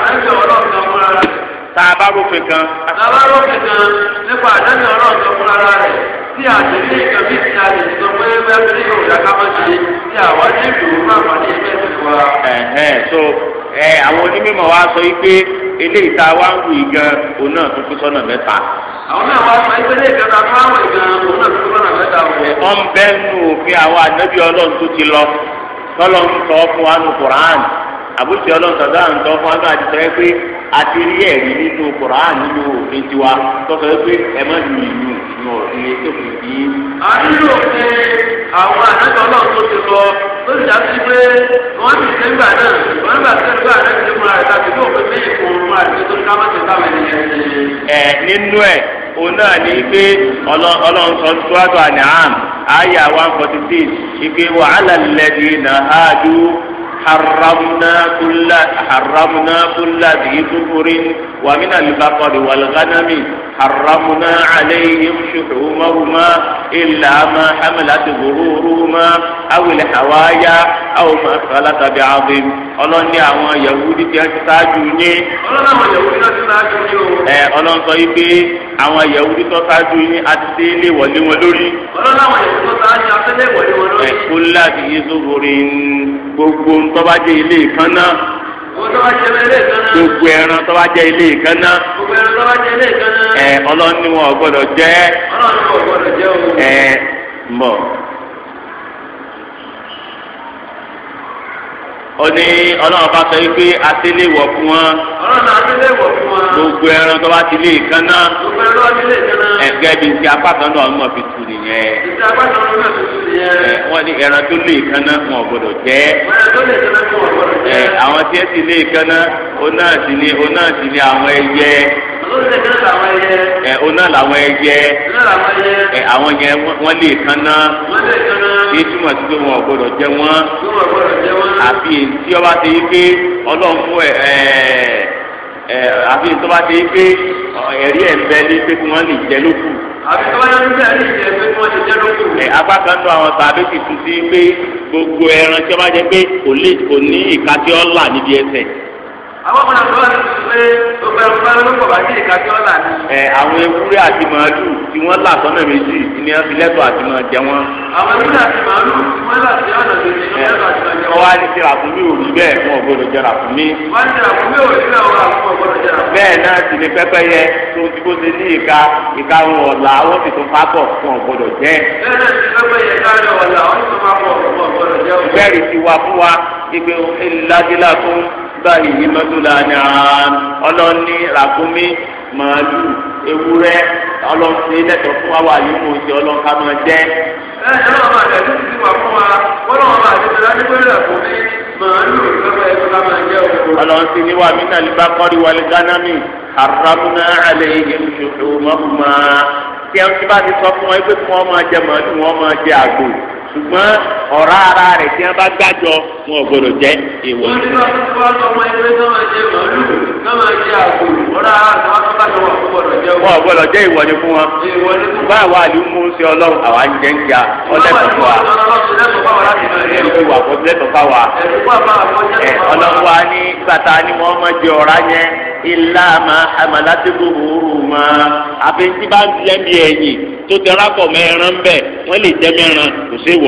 àtẹ́jọ́ ọlọ́ọ̀kan fúnra rẹ̀ tá a bá rófin kan. tá a bá rófin kan nípa àdáni ọ̀rọ̀ tó kún ara rẹ̀ tí àtẹ̀lé nǹkan bí ti àlè sọ pé bẹ́ẹ̀ ní yóò dáká mọ́ ṣe tí àwa ní ìlú máa wà ní ẹgbẹ́ ti wa. so àwọn onímọ̀ wa sọ wípé eléyìí tá a wá ń wù yìí gan òun náà tó fi sọ́nà mẹ́ta. àwọn náà wá sọ pé eléyìí kan tá a wá wù yìí gan òun náà tó fi sọ́nà mẹ́ta. wọ́n ń bẹ́ẹ̀ nù òfin àwọn ànábì ọlọ́run tó ti lọ tọ́lọ́ sọ fún wa nù kùránì. àbúṣe ọlọ́sọ̀dá ń tọ́ fún agbára àtijọ́ yẹn pé a ti rí ẹ̀rí nínú Kùránì nínú òfin tiwa tọ́sọ̀ pé ẹ má lu ìlú ìlú òfin tó a nílò pé àwọn àdájọ́ náà tó ti lọ tó ti dàbí pé wọ́n ti ṣe náà wọ́n nígbà ti tó ní حرمنا كل حرمنا كل ذي ظفر ومن البقر والغنم حرمنا عليهم شحومهما إلا ما حملت ظهورهما أو الحوايا أو ما اختلط بعظم ọlọ́run ní àwọn yahudi tí wọ́n ti ṣáájú yín. ọlọ́run àwọn yahudi náà ti ṣáájú yín o. ẹ ọlọ́run sọ yìí pé àwọn yahudi tó ṣáájú yín a ti tẹ́lẹ̀ wọlé wọn lórí. ọlọ́run àwọn yahudi tó ṣáájú yín a tẹ́lẹ̀ wọlé wọn lórí. ẹ kó láti yé sóbori gbogbo tọ́ba jẹ́ ilé ìkànnà gbogbo ẹran tọ́ba jẹ́ ilé ìkànnà ẹ ọlọ́ni wọn ò gbọ́dọ̀ jẹ ẹ mbọ. oní ọlọ́run bá sọ yìí pé àtẹ́lẹ̀ wọ̀ fún wọn. ọlọ́run àtẹ́lẹ̀ wọ̀ fún wọn. gbogbo ẹran tó bá ti kan náà. gbogbo ẹran tó bá ti kan náà. ẹgbẹ́ bíi ti apá náà ọmọ fi tu nìyẹn. ti apá náà ọmọ fi tu nìyẹn. wọ́n ní ẹran tó lè kan náà wọn gbọ́dọ̀ jẹ́. ẹran tó lè kan náà wọn gbọ́dọ̀ jẹ́. àwọn tí ẹ ti lè kan náà oná sì ni oná sì ni àwọn ẹyẹ ẹ àwọn yẹn wọn lè kanna túmọ̀ sí pé wọn ò gbọdọ̀ jẹ wọn àfi tí ọba ti yí pé ọlọ́run fún ẹ ẹ ẹ àfi tí ọba ti yí pé ẹ̀rí ẹ̀ ń bẹ ní pé kí wọ́n lè jẹ lókù. àfi tí wọ́n yẹ kí ẹ̀rí ẹ̀ pé kí wọ́n lè jẹ lókù. ẹ apá kan tó àwọn tàbí kìtù sí pé gbogbo ẹran tí ọba jẹ pé kò ní ìka tí ọ là níbi ẹsẹ̀ àwọn ọmọ náà lọ́wọ́ pé gbogbo ẹ̀rọ bá lórúkọ bá sí ìkájọ́ ọ̀la ni. ẹ àwọn ewúrẹ́ àti màálù tí wọ́n là sọ́nà méjì ni wọ́n fi lẹ́tọ̀ọ́ àti máa jẹ wọ́n. àwọn ewúrẹ́ àti màálù tí wọ́n là sí ọ̀nà méjì ni wọ́n lẹ́tọ̀ọ́ àti máa jẹ wọ́n. wọ́n wá ní ti ràkúnmí ò rí bẹ́ẹ̀ fún ọ̀gbọ́dọ̀ jẹ ràkúnmí. wọ́n ti ràkúnmí ò rí bẹ́ẹ̀ fún ọ̀gbọ́dọ̀ jẹ ràkúnmí. bẹ́ẹ̀ náà sì ni pẹ́pẹ́yẹ tó ti bó ṣe ní ìka ìka ohun ọ̀la ó sì tún pápọ̀ fún ọ̀gbọ́dọ̀ jẹ. bẹ́ẹ̀ náà sì pẹ́pẹ́yẹ káyọ̀ ọ̀la ó sì ti wá báyìí ní mọ́tòlá ni ọlọ́ni ràkúnmí màálù ewúrẹ́ ọlọ́sìn lẹ́tọ̀ọ́ fún wa wà yìí kò sí ọlọ́ka máa jẹ́. ẹ ẹ lọ́wọ́ máa tẹ̀lé sí wa fún wa wọ́n lọ́wọ́ máa tẹ̀lé láti pé ràkúnmí màálù ìfẹ́fẹ́ ẹ̀ka máa jẹ́ òkú. ọlọ́sìn ni wà mí náà lè bá kọ́rí wọlé gánàmì àrùnà àlẹ́ ìyẹn ṣoṣo mọ́kùnmá. tí a ti bá ti sọ fún wọn pé kí wọ́n máa jẹ màálù wọ́n máa jẹ àgbò ṣùgbọ́n ọ̀rá ara rẹ̀ tí wọ́n bá gbàjọ wọn ò gbọdọ̀ jẹ́ èèwọ̀. wọ́n ní wọ́n ti fọ́ ọmọ ẹgbẹ́ tó máa jẹ màálù tó máa jẹ àgbò ọ̀rá ara wọn tó bá jọ wọn gbọdọ̀ jẹ wọn. wọn ò gbọdọ̀ jẹ́ ìwọ ni fún wọn. ìwọ ni fún wọn. báwa àlù mú sí ọlọ́run àwa ń jẹ́ ń ja ọlẹ́tọ̀ fún wa. ọlọ́wà ní bàtà ni wọ́n máa jẹ ọ̀rá yẹn ilá máa àmàlátìkù òru máa àfi tí bá ń jẹ́ bí ẹ̀yìn tó tẹ́rákọ̀ mẹ́rin bẹ́ẹ̀ wọ́n lè jẹ́ mẹ́rin kò sí ìwọ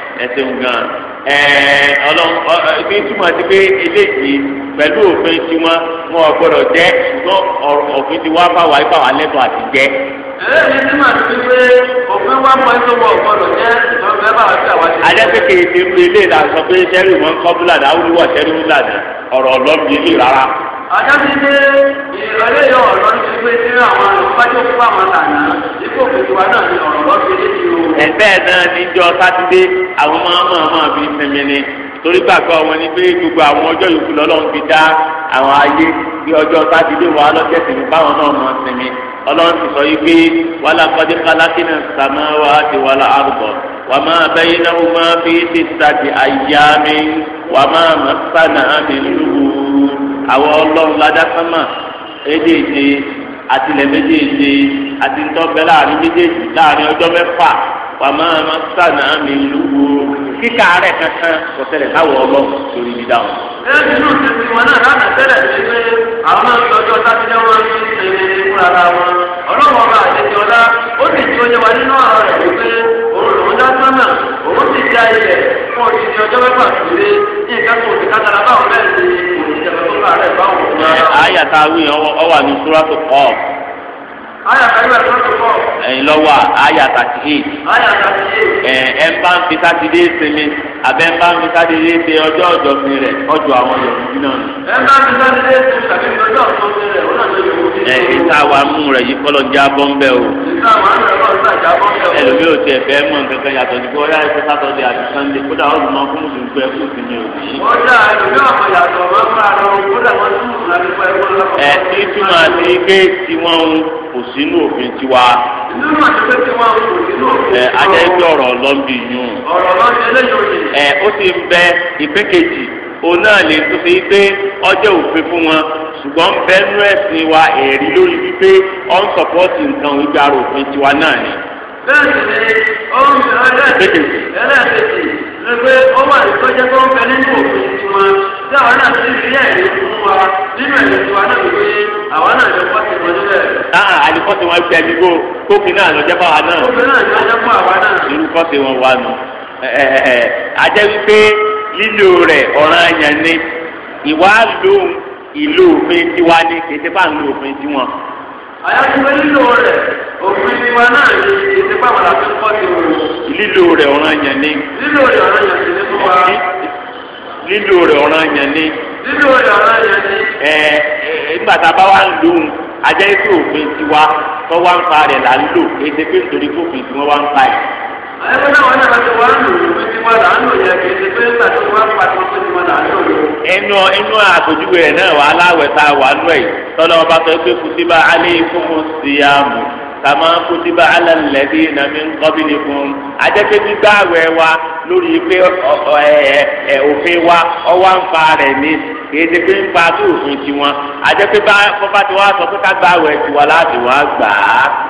ẹsẹ̀ nǹkan ẹ̀ẹ́ ọlọ́run ibi túmọ̀ sí pé eléyìí pẹ̀lú òfin tiwọn wọn ò gbọdọ̀ jẹ́ ṣùgbọ́n òfin ti wá bá wa ipá wa lẹ́tọ̀ àti jẹ́. ẹ̀ẹ́dì túmọ̀ sí pé òfin wá pọ̀ tó wọ ọ̀gbọ́dọ̀ jẹ́ ṣùgbọ́n bẹ́ẹ̀ bá wa sí àwọn àti. adẹ́pẹ̀kẹ̀ èdè ń pe ilé ìlànà sọ pé sẹ́rí wọn kọ́ búlàdà áwùjọ sẹ́rí búlàdà ọ̀rọ̀ ọlọ́run yìí rárá. àjọ pé nínú àwọn olùpájọ fún àwọn àná ipò kòtùwà náà ni ọ̀rọ̀ lọ́sẹ̀ létí o. ẹgbẹ́ náà níjọ́ sátidé àwọn máa máa máa fi sinmi ni torí gbàgbọ́ wọn ni pé gbogbo àwọn ọjọ́ yòókù lọ́lọ́run fi dá àwọn ayé bí ọjọ́ sátidé wà lọ́jọ́ sinmi báwọn náà máa sinmi ọlọ́run ti sọ yìí pé wàhálà kọ́dé kálákínà sàmá wa ti wàhálà àrùbọ̀ wà máa bẹ́yìn náà wọ́n máa fi tètè àti àyà mi wà máa máa sànà àmì lùwù àwọn ọlọ́run ládàkámà èdè ìdè àtìlẹ̀ méjèèjì àti ntọ́gbẹ́ láàrin méjèèjì láàrin ọjọ́ mẹ́fà wàmọ́ ma sànà mi lúwo kíkà rẹ̀ kankan kò káwọ̀ ọlọ́ lórí dídá wọn. ẹ nínú wọn náà láti tẹ́lẹ̀ sí pé àwọn máa ń fi ọjọ́ sátidé wọn ní ìṣẹ̀lẹ̀ ọlá ó sì ti wa nínú ọ̀rọ̀ rẹ̀ pé òun lòún dá òun sì já ilẹ̀ fún òṣìṣẹ́ ọjọ́ mẹ́fà ní ìkẹ́kọ̀ọ́ àyà tá a wí ọwà ní súrátù kọ́ ẹ̀yin lọ́wọ́ àyà tàtí eight ẹ̀ ẹ̀ ń bá ń fi sátidé sinmi abẹ́ńbá mi sádìrí ṣe ọjọ́ ọ̀jọ̀gbìn rẹ̀ ọjọ́ àwọn yòówù náà ni. ẹ̀ńbá mi sádìrí ṣe ṣàbẹ̀wò ọjọ́ ọ̀jọ̀gbìn rẹ̀ ọ̀nà tó yòówù ní. ẹ ìta wa mú rẹ yìí kọ́lọ̀ ń já bọ́ ń bẹ́ o. ìta wa mú rẹ kọ́lọ̀ ń já bọ́ ń bẹ́ o. ẹlòmí ò tiẹ̀ fẹ́ mọ̀ nǹkan kan yàtọ̀ nígbà ọ̀yá ẹ̀ṣẹ̀ sátọ̀dẹ̀ àti sànńdé kódà ọ̀rùn máa fún mùsùlùmí pé ẹkùn sí ni o. ọjà ẹlòmí ọ̀pọ̀ yàtọ̀ ẹ ti túmọ̀ ọ̀rọ̀ ọlọ́mbì yún. ọ̀rọ̀ ọlọ́mbì eléyìí ò ẹ ó sì ń bẹ ìpẹ́kejì òun náà lè tó ṣe pé ọjọ́ òfin fún wọn ṣùgbọ́n ń bẹ nú ẹ̀sìn wa ẹ̀rí lórí wípé ọ ń sọ̀pọ́ọ̀tì nǹkan ìgbàrò òfin tiwa náà ni. bẹ́ẹ̀ ni ohun ẹlẹ́ẹ̀kejì ẹlẹ́ẹ̀kejì ló pé ó wà lójẹ́ tó ń bẹ nínú òfin tiwọn tí àwọn náà ti rí ẹ̀rí fún wa nínú ẹ̀rí tiwa náà wípé àwọn náà lè pọ́sì wọn nílẹ̀. náà ah, àdìpọ́sì wọn gbẹ nígbó kófin náà lọ́jọ́ fáwa náà. kófin náà lọ́jọ́ fáwa náà. irú pọ́sì wọn wà nù. ajẹ́ wípé lílo rẹ̀ ọ̀ràn yẹn ni ìwà lóhùn ìlú òfin tiwa ni kété bá ń lo òfin tiwọn. àyàtúwé lílo rẹ òfin tiwa náà ni kété bá wà kọ́ ti wò. lílo ọ̀ràn ni. lílo ọ̀ràn ni lílo ọ̀ràn ni. lílo ọ̀ràn ni. ẹ ẹ nígbà tá a bá wà ń ajẹ́ òfin tiwa tó wá ń tó wá lò ó ti wá là ń lò yẹn kì í ṣe pé nígbà tó wá pàtó tó ti wá là ń lò ó. inú inú àpèjúwe rẹ̀ náà wà aláwẹ̀ tá a wà lọ yìí tọ́lọ́ ọba sọ pé kùtìbà alẹ́ ìfúnmu sí i àmù kàmá kùtìbà alẹ́ lẹ́dí nàmí kọ́bìnrin fún ajẹ́pẹ́ gbígbà àwẹ̀ wa lórí pé òfin wa ọwọ́ àǹfà rẹ̀ ní kìí pé ń pa tó òfin tiwọn ajẹ́pẹ́ bá fọ́fà tí wọ́n á sọ pé ká gbà àwẹ̀ tiwa láti wọ́n gbà á.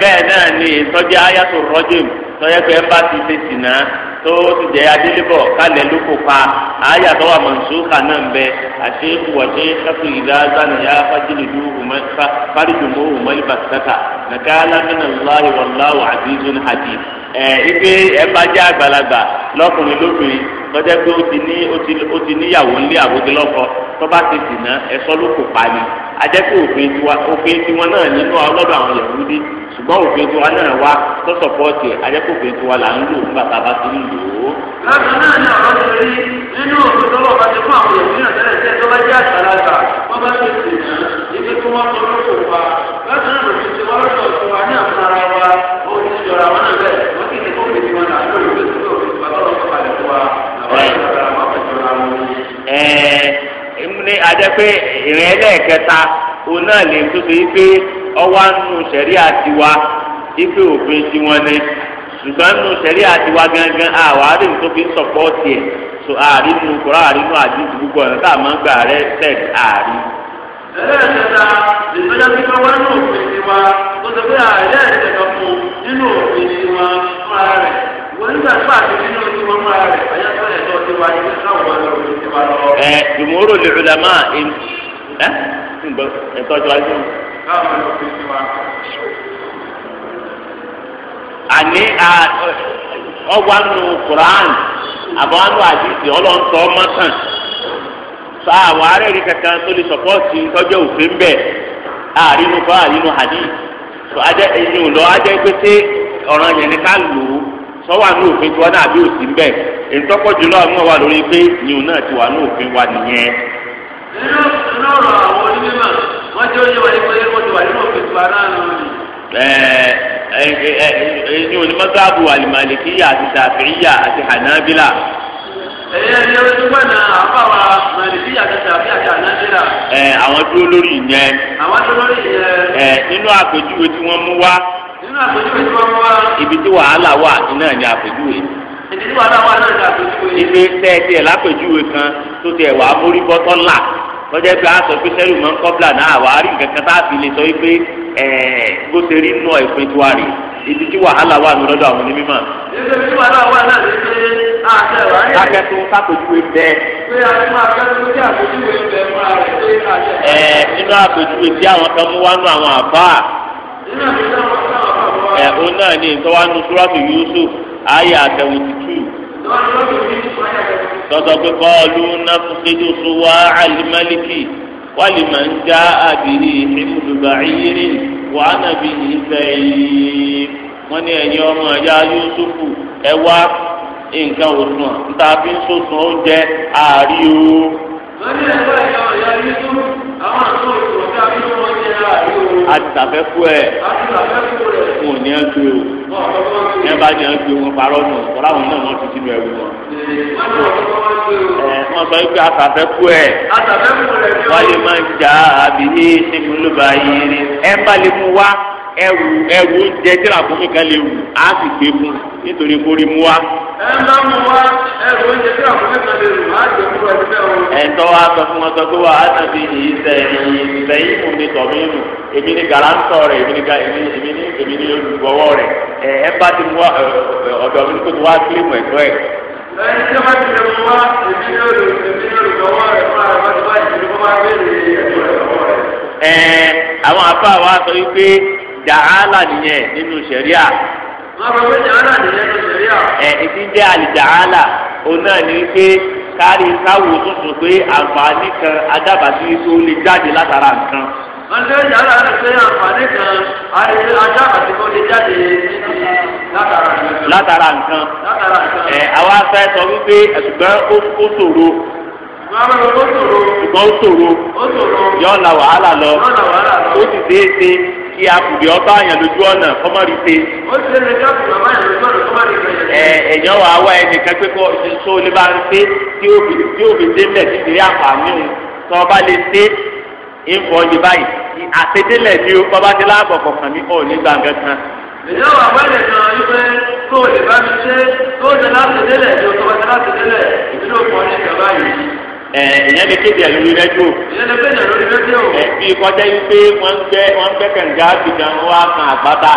bẹ́ẹ̀ náà ni ìtọ́jú ayáto rọ́jìm tọ́jú pé bá ti ṣe sìnà tó ti jẹ́ adélébọ̀ kálẹ̀ ló kó pa ayàtọ̀ wà mọ̀nsókà náà ń bẹ àti wọ̀ṣẹ́ káfí ìdá zanìyá fájìlìdú fárídùmọ́ òmọ́lì nàkàlà mìíràn láyé wàláwà àdìsún hadith. ẹ ibi ẹba jẹ àgbàlagbà lọkùnrin lóbìnrin lọjọ pé ó ti ní ti lọkọ tó ti sì ná ẹsọ ló kò pa ni ajẹpẹ òfin tiwa òfin tiwọn náà nínú ọlọdọ àwọn Yahudi ṣùgbọ́n òfin tiwa náà wá tó sọpọọtì ajẹpẹ òfin tiwa là ń lò fún bàtà bá ti ń lò ó. láti náà àwọn ti rí nínú òfin bá ti fún àwọn èèyàn náà àgbàlagbà bá ti sì ná ibi tí ní ajẹ́ pé ìrìn ẹlẹ́ẹ̀kẹta o náà lè tó ṣe pé ọwọ́ nù sẹ̀rí àtiwá ipe òfin tiwọn ni ṣùgbọ́n nù sẹ̀rí àtiwá gangan àwọn tó fi ń sọ̀pọ̀ tiẹ̀ so àárín nù kúrò àárín nù àdìsí púpọ̀ ẹ̀ káà gbà rẹ àárín. ẹlẹ́ẹ̀kẹta ìtọ́jà nù òfin tiwa ó sọ pé àìlẹ́ẹ̀kẹta fún nínú òfin tiwa fúnra rẹ̀. onígbà tó àti nínú tí wọ́n múra rẹ̀ ọ̀yẹ́sọ̀ rẹ̀ tó ti wáyé káwọn máa lọ sí ti wá lọ. ẹ jùmọ̀rò lè rìn lámà ẹ ẹ ǹgbọ́n sọ́wọ́ àánú òfin tiwa náà àbí òsì ń bẹ̀ ìtọ́pọ̀ jùlọ àwọn ọmọ wa lórí pé yìnyín náà ti wà ní òfin wa nìyẹn. nínú nínú ọ̀rọ̀ àwọn onímọ̀ wọ́n jẹ́ oyè wáyé pé wọ́n ti wà nínú òfin tiwa náà lórí. ẹ ẹ ẹ ní onímọ̀gáàbù àlìmàlìkíyà àti sàfìyà àti hànábìlà. ẹ̀yẹ ni ó ti gbọ́nà àfàwà màlìkíyà àti sàfìyà àti hànábìlà. ẹ àwọn dúró lórí ìyẹn. àwọn dúró lórí ìyẹn ibi tí wàhálà wà iná ni àpèjúwe. ibi tí wàhálà wà náà ni àpèjúwe. ibi tẹ́ ẹ tiẹ̀ lápèjúwe kan tó tiẹ̀ wà á mórí bọ́tọ́ là lọ́jọ́ pé a sọ pé sẹ́lù mọ́ ń kọ́bla náà wà á rí nǹkan kan tá a fi lè sọ pé bó ṣe rí nù ẹ̀pin tó a rí ibi tí wàhálà wà ní lọ́dọ̀ àwọn onímọ̀. ibi tí wàhálà wà náà ni pé àṣẹ wà á yẹ. a ti ẹ̀ ọ náà ní ìtọ́wánú Yusuf ayé àtẹ̀wòtì tù. tọ́tọ́ pé kọ́ọ̀lù náà fún kéjú suwa alimẹ́líkì wálé máa ń já àbírí ìmúdùbà ìyírí wàhánà bí ìfẹ̀yìn wọ́n ní ẹ̀yin ọmọ ẹ̀yà Yusuf ẹ wá nǹkan òsùn níta fi ń oúnjẹ o. ẹ̀fọ́ ẹ̀yà ọ̀yà Yusuf àwọn àtúntò àti tàfẹ́ fú ẹ̀ wọn ò ní ẹ gbé o ní ẹ bá ní ẹ gbé wọn parọ́ nù kọ́ra wọn náà wọ́n ti sínú ẹ̀wù wọn. ẹ wọ́n sọ pé àtàfẹ́ fú ẹ̀ wáyé máa ń jà àbí ní ìsinmi bá yé rí ẹ bá ẹwù ẹwù oúnjẹ tí ràkúnmí kan lè wù á sì gbé fún nítorí mú wa. ẹ mú wa oúnjẹ tí kan lè wù á jẹ fún wa sọ fún wọn sọ pé fún mi tọ̀ mí nù èmi èmi ti mú ọ̀dọ̀ mi kó wá ẹ̀. tí Jahala nìyẹn nínú sẹ̀ríà. wọ́n sọ pé jàhálà nìyẹn nínú sẹ̀ríà. ẹ ìdí jẹ́ àlìjàhálà òun náà ní pé kárí káwo tuntun pé àǹfààní kan adábàtí tó lè jáde látara nǹkan. wọ́n sọ jàhálà ní pé àǹfààní kan adábàtí tó lè jáde látara nǹkan. látara nǹkan. ẹ àwa fẹ́ sọ wípé ẹ̀sùngbọ́n ó ṣòro ṣùgbọ́n ó ṣòro yọ̀ọ́ la wàhálà lọ ó sì déédéé kí akùdí ọba àyàn lójú ọ̀nà kọ́mọ rí pé. ó ti lè ká kùdí ọba àyàn lójú ọ̀nà kọ́mọ rí pé. ẹ ẹ̀yàn wà wá ẹnìkan pé kó so lè bá ń pé tí ó fi tí ó fi délẹ̀ nítorí àǹfààní òun tó ọba lè dé ìfọ̀ yìí báyìí àtẹ̀délẹ̀ ni ó bá ti láàbọ̀ kọ̀ọ̀kan ní ọ̀ ní gbàngàn kan ìjọ wà pẹ́lẹ̀ kan wípé tó lè bá mi ṣe tó lè láti délẹ̀ tó tó bá láti délẹ̀ ìdílé òkú ọ̀nà ìjọba yìí ìyẹn lè kéde ẹ̀lú rí rẹ́díò. ìyẹn lè kéde ẹ̀lú rí rẹ́díò. ẹ bí kọjá yìí pé wọ́n ń gbẹ́ wọ́n ń gbẹ́ kànga àbíjà ń wá kan àgbàtà.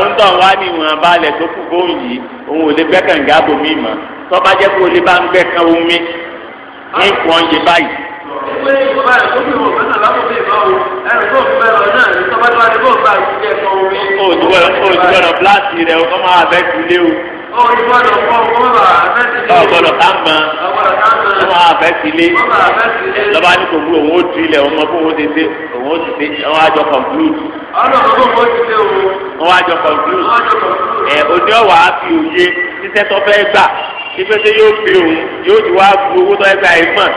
ó ń tàn wá ní ìwọ̀n balẹ̀ tó kù bóun yìí òun ò lè gbẹ́ kànga bomi mọ́ tọ́ba jẹ́ kó lè bá ń gbẹ́ kan omi ní ìkùn yé báyìí. ìwé ìwà ẹ̀ tó fi wọ̀ fẹ́ náà lábọ̀ òdùwọ̀rọ̀ pláàsì rẹ̀ ọkọ̀ máa bẹ́ẹ̀ kulé o ọgbọdọ ká mọ ọmọ abẹ sílé lọba ní kòkúrò òun ó di ilẹ̀ ọmọ kó òun ti dé òun ó ti dé wọn àjọ kọ̀ǹpútù. wọn àjọ kọ̀ǹpútù. ẹ òní ọ̀wà á fi òye títẹ́ tó fẹ́ gbà tí pété yóò fi òun yóò ti wá gbogbo owó tó fẹ́ gbà yìí mọ̀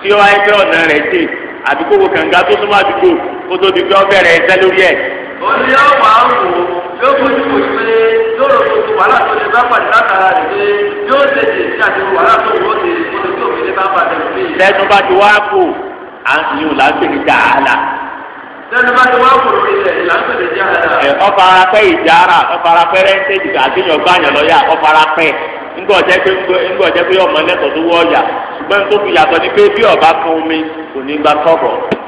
tí ó wáyé pé ọ̀nà rẹ̀ dé àbí kókò kànga tó súnmọ́ àdúgbò kó tó di pé ọ bẹ̀rẹ̀ ẹsẹ̀ lórí ẹ̀. òní ọ̀wà á wò yóò fojú wò pé yóò rò gbogbo wàhálà tó lè bá pàdé látara rẹ̀ pé yóò tètè sí àti wàhálà tó wò ti kótó tó fi lè bá pàdé òfin. lẹ́nu bá ti wá kù à ń yùn ní lẹ́nu bá ti wá kù ní ilẹ̀ ní ẹ ìjára gbàyàn lọ́yà pé pé ọmọ tó ṣùgbọ́n tó fi yàtọ̀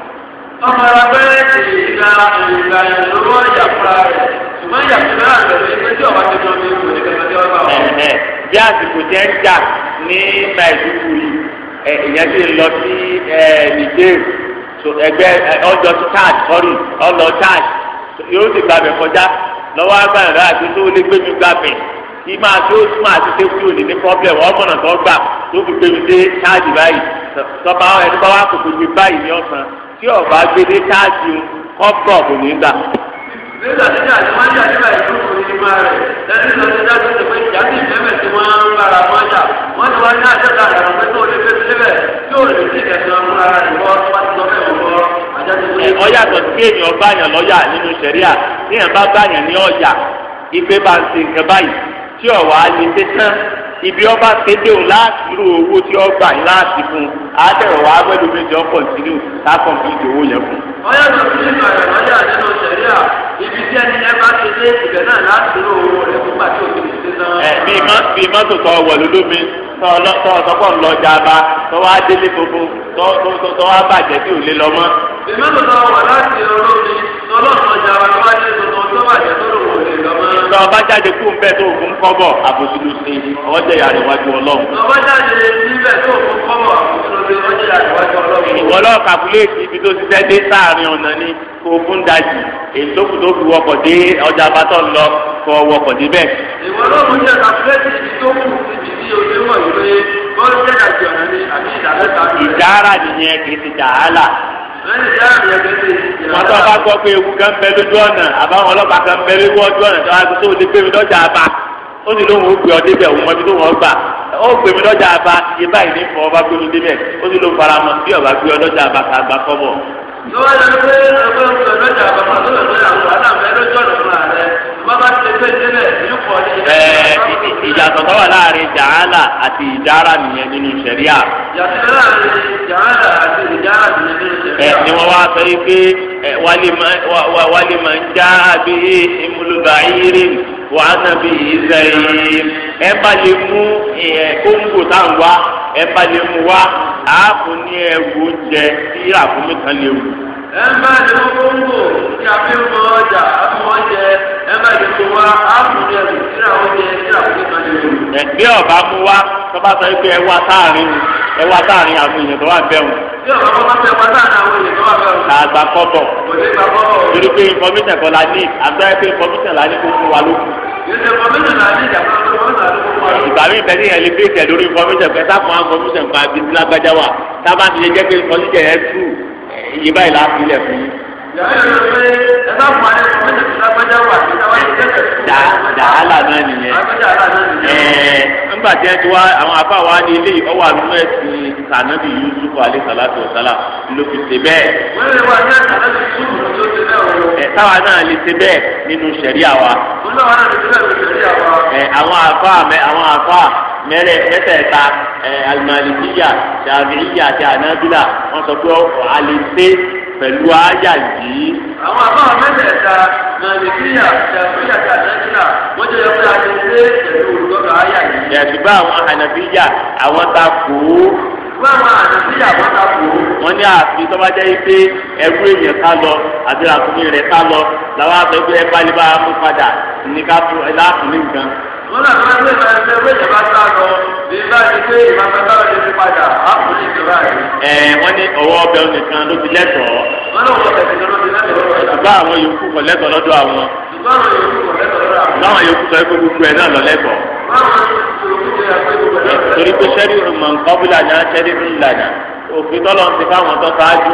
ọmọ ara bẹ́rẹ̀ ti ìgbà ìgbà ìlú ìyàpá rẹ̀ ṣùgbọ́n ìyàpá náà tẹ̀lé ìgbé tí ọba ti dán mi kò ní kẹfẹ́ tí ọba wọn. bí àsìkò jẹ́ ń jà ní Maiduguri ìyẹn ti lọ sí Niger ẹgbẹ́ ọjọ́ chad ọdún ọlọ chad yóò ti gbàgbẹ́ kọjá lọ́wọ́ agbára àti tó lé gbẹ́mí gbàgbẹ́ kí máa tó súnmọ́ àti tó kú òní ní pọ́blẹ̀mù ọgbọ̀nà tó gbà tó fi gbẹ́mí dé chad báyìí tọ́ba ẹni bá wà kò gbé báyìí ní ọ̀sán tí ọba gbede káàdì kọ́pọ̀ kò ní gbà. nígbà tí àti wọn jà nígbà ìlú kò ní máa rẹ lẹni lọ sí dájú ti pé ìjà sí ìfẹ́mẹ̀ tí wọ́n ń bára wọn jà wọ́n ti wá ní àjẹta àrà pé tó lè fẹ́ síbẹ̀ tí ò lè sí ìkẹsàn fúnra rẹ̀ lọ́wọ́ tó bá ti lọ́ fẹ́ wọ́n lọ́ ọyàtọ̀ tí èèyàn bá yàn lọ́yà nínú sẹ̀ríà ibi ọba ṣẹdẹ òun láti irú owó tí ó gbà yín láti fún un àtẹ̀rọ̀ wá gbẹ́dọ̀ méjì ọkọ̀ sínú lákàn fi ìdòwò yẹn fún. ọyọ tó fi nípa rẹ lọ́jà nínú sẹ̀ríà ibi tí ẹni ẹ bá ti dé ibẹ̀ náà láti irú owó rẹ fún pàtó òkèlè sí náà. ẹ bí má bí mọ́tò tọ wọ̀ lólómi tọ ọ̀sọ́pọ̀ ń lọ jaba tọ wá délé gbogbo tọ wá bàjẹ́ tí ò lé lọ mọ́. bí mọ́tò tọ wọ̀ láti olómi tọ lọ́sọ̀ọ́ jaba tọ wá délé gbogbo lọ ọba jáde kú ń bẹ tó ògùn kọ́bọ̀ àbòsílù sí ọjọ́ ìyá rẹ̀ wájú ọlọ́run. ọba jáde níbẹ̀ tó ògùn kọ́bọ̀ àbòsílù sí ọjọ́ ìyá rẹ̀ wájú ọlọ́run. ìwọ lọ kàkúlẹ̀tì ibi tó ṣiṣẹ́ dé sáàrin ọ̀nà ni kò fún dajì èyí tó fi wọkọ̀ dé ọjà abatọ́ lọ kọ wọkọ̀ débẹ̀. ìwọ lọ mú jẹ kàkúlẹ̀tì ibi tó kù ibi tí òde wọ̀ bọ́ọ̀lù jẹ́ dajì wọ́n tó bá gbọ́ pé ewu kan bẹ lójú ọ̀nà àbáwọn ọlọ́pàá kan bẹ lójú ọ̀nà tó wá tó lè gbé mi lọ́jà àbá ó sì lóun ó gbé ọ débẹ̀ òun ọdún tó wọ́n gbà ó gbé mi lọ́jà àbá iye báyìí ní fún ọba gbé mi débẹ̀ ó sì lóun fara mọ́ bí ọba gbé ọ lọ́jà àbá kà gbà kọ́ bọ̀. yẹn ló ń gbé ọgbẹ́ ọgbẹ́ lọ́jà àbá bàbá ti fẹ́ tẹ́lẹ̀ ìlú kọ́ ní. ẹẹ ìyàtọ̀ tó wà láàrin jàhálà àti ìdára nìyẹn nínú sẹ̀ríà. ìyàtọ̀ láàrin jàhálà àti ìdára nìyẹn nínú sẹ̀ríà. ẹ ni wọn wá sọ yìí pé wálé máa ń já bí ìmúlùbà yìí wà á nàbí ìzẹ̀yìn ẹ bá lè mú kóńgò tá wá ẹ bá lè mú wá àápò ní ẹrù oúnjẹ tí àkúnmí kan lè wù ẹ má ní gbogbo tí a fi mọ ọjà a fi mọ ọjẹ ẹ má ní gbogbo wa a mú ní ẹrù síra ọjẹ síra ọjẹ kan ní ẹrù. ẹgbẹ́ ọ̀bá mú wa tó bá sọ pé ẹ wá táàrin ẹ wá táàrin àwọn èèyàn tó wà bẹ́ẹ̀ tí ọ̀rọ̀ kan bá fẹ́ wá táàrin àwọn èèyàn tó wà bẹ́ẹ̀. àgbà kọ́tọ̀ torí pé information kan la ní àgbà pé information la ní kó fún wa lókun. ìgbà mi bẹ ní ẹni pé tẹ lórí information kẹta fún àwọn information kan àbí lágbájá wa tábà ti jẹ pé information yẹn true iye báyìí láti ilẹ̀ fún yín. dàhálà náà nìyẹn nígbà tí ẹ ti wá àwọn àbá wa ní ilé ọwọ́ àdúgbò ẹ̀sìn kànáàbì Yusuf alẹ́ sàlátì ọ̀sálà ló fi ṣe bẹ́ẹ̀. wọ́n lè wá ní àtàlẹ́ Yusuf ló ṣe bẹ́ẹ̀ o. ẹ̀ táwa náà lè ṣe bẹ́ẹ̀ nínú ṣẹ̀ríà wa. wọ́n náà wà láti ṣe bẹ́ẹ̀ nínú ṣẹ̀ríà wa. ẹ̀ àwọn àfa àwọn àfa mẹrẹ mẹ́tẹ̀ẹ̀ta ẹ alimalikiya ṣàfihìyà àti anabila wọn sọ pé alẹ ṣe pẹ̀lú àyà yìí. àwọn àbá mẹ́tẹ̀ẹ̀ta màlìkíyà ṣàfihàn àti àdáṣíà wọ́n jẹ́ pé a ti ṣe pẹ̀lú olùdókòwò ayà yìí. ṣùgbọ́n àwọn ànàbíyà àwọn ta kò ó. ṣùgbọ́n àwọn ànàbíyà àwọn ta kò ó. wọ́n ní àfi tó bá jẹ́ pé ẹrú èèyàn ká lọ àti àtúnyẹ̀rẹ̀ ká lọ làwọn àtẹ̀gbẹ́ bá lè bá a mú padà ní ká tún ẹ̀ láàfin nìkan lọ́nà tó bá gbé ìbára ṣe wé ìbá sá lọ bí bá ti gbé ìbá sá lọ ṣe fi padà á kò ní ìtura rẹ̀. ẹ wọ́n ní ọwọ́ ọbẹ̀ nìkan ló ti lẹ́tọ̀ọ́. wọ́n náà wọ́n tẹ̀sí lọ́dún ní láti lọ́wọ́ rẹ̀. ṣùgbọ́n àwọn yòókù kò lẹ́tọ̀ọ́ lọ́dọ̀ àwọn. ṣùgbọ́n àwọn yòókù kò lẹ́tọ̀ọ́ lọ́dọ̀ àwọn. láwọn torí pé sẹ́rí ìrùmọ̀ nǹkan bí lànà sẹ́rí ìrùmọ̀ lànà òfin tọ́lọ́ ti fáwọn tó ṣáájú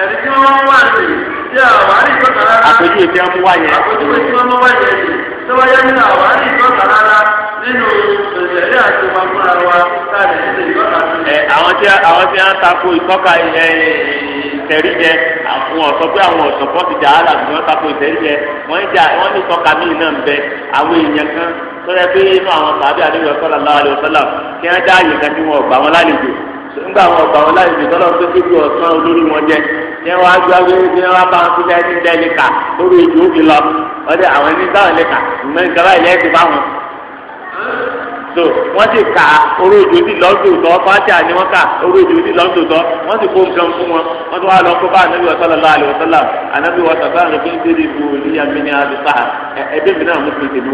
ẹ̀rí tí wọ́n mú wá sí tí àwárí ìtọ́ka rárá. àpèjúwe tí wọ́n mú wá yẹn. àpèjúwe tí wọ́n mú wá yẹn yìí tó wáyé ní àwárí ìtọ́ka rárá nínú ìṣẹ̀lẹ̀ àti wọn fúnra wa láti ṣe ìtọ́ka sí. ẹ àwọn tí àwọn tí wọn tako ìtọ́ka ìtẹ̀rí yẹn àwọn ọ̀sọ́ pé àwọn ọ̀sọ́ pọ̀ ti jàhálà tí wọ́n tako ìtẹ̀rí yẹn wọ́n ń jà wọ́n ní ìtọ́ka míì náà ń bẹ àwọn èèyàn kan tó yẹ pé inú àwọn tàbí àdéhùn ọ̀sọ́lá láwàlẹ̀ ọ̀sọ́lá kí wọ́n já àyè kan tí wọ́n gbà wọn lálejò nígbà wọn ọgbà wọn láyé ìdíkọ́lọ́ tó kébi ọ̀sán olórí wọn jẹ ní wọn adúlá wíwí ní wọn bá wọn fúnjẹ ní dẹ́líkà lórí ìlú òbí lọ ọdẹ àwọn ẹni táwọn lẹ́kà mẹ́rin kaba ìyá ẹ̀sìn bá wọn. so wọ́n ti ka oró ìjò ti lọ́dọ̀tọ̀ fájà ni wọ́n ka oró ìjò ti lọ́dọ̀tọ̀ wọ́n ti kó nǹkan fún wọn wọ́n ti wá lọ kó bá anabi sallallahu alaihi wasallam anabi wọ́n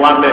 sọ̀tọ̀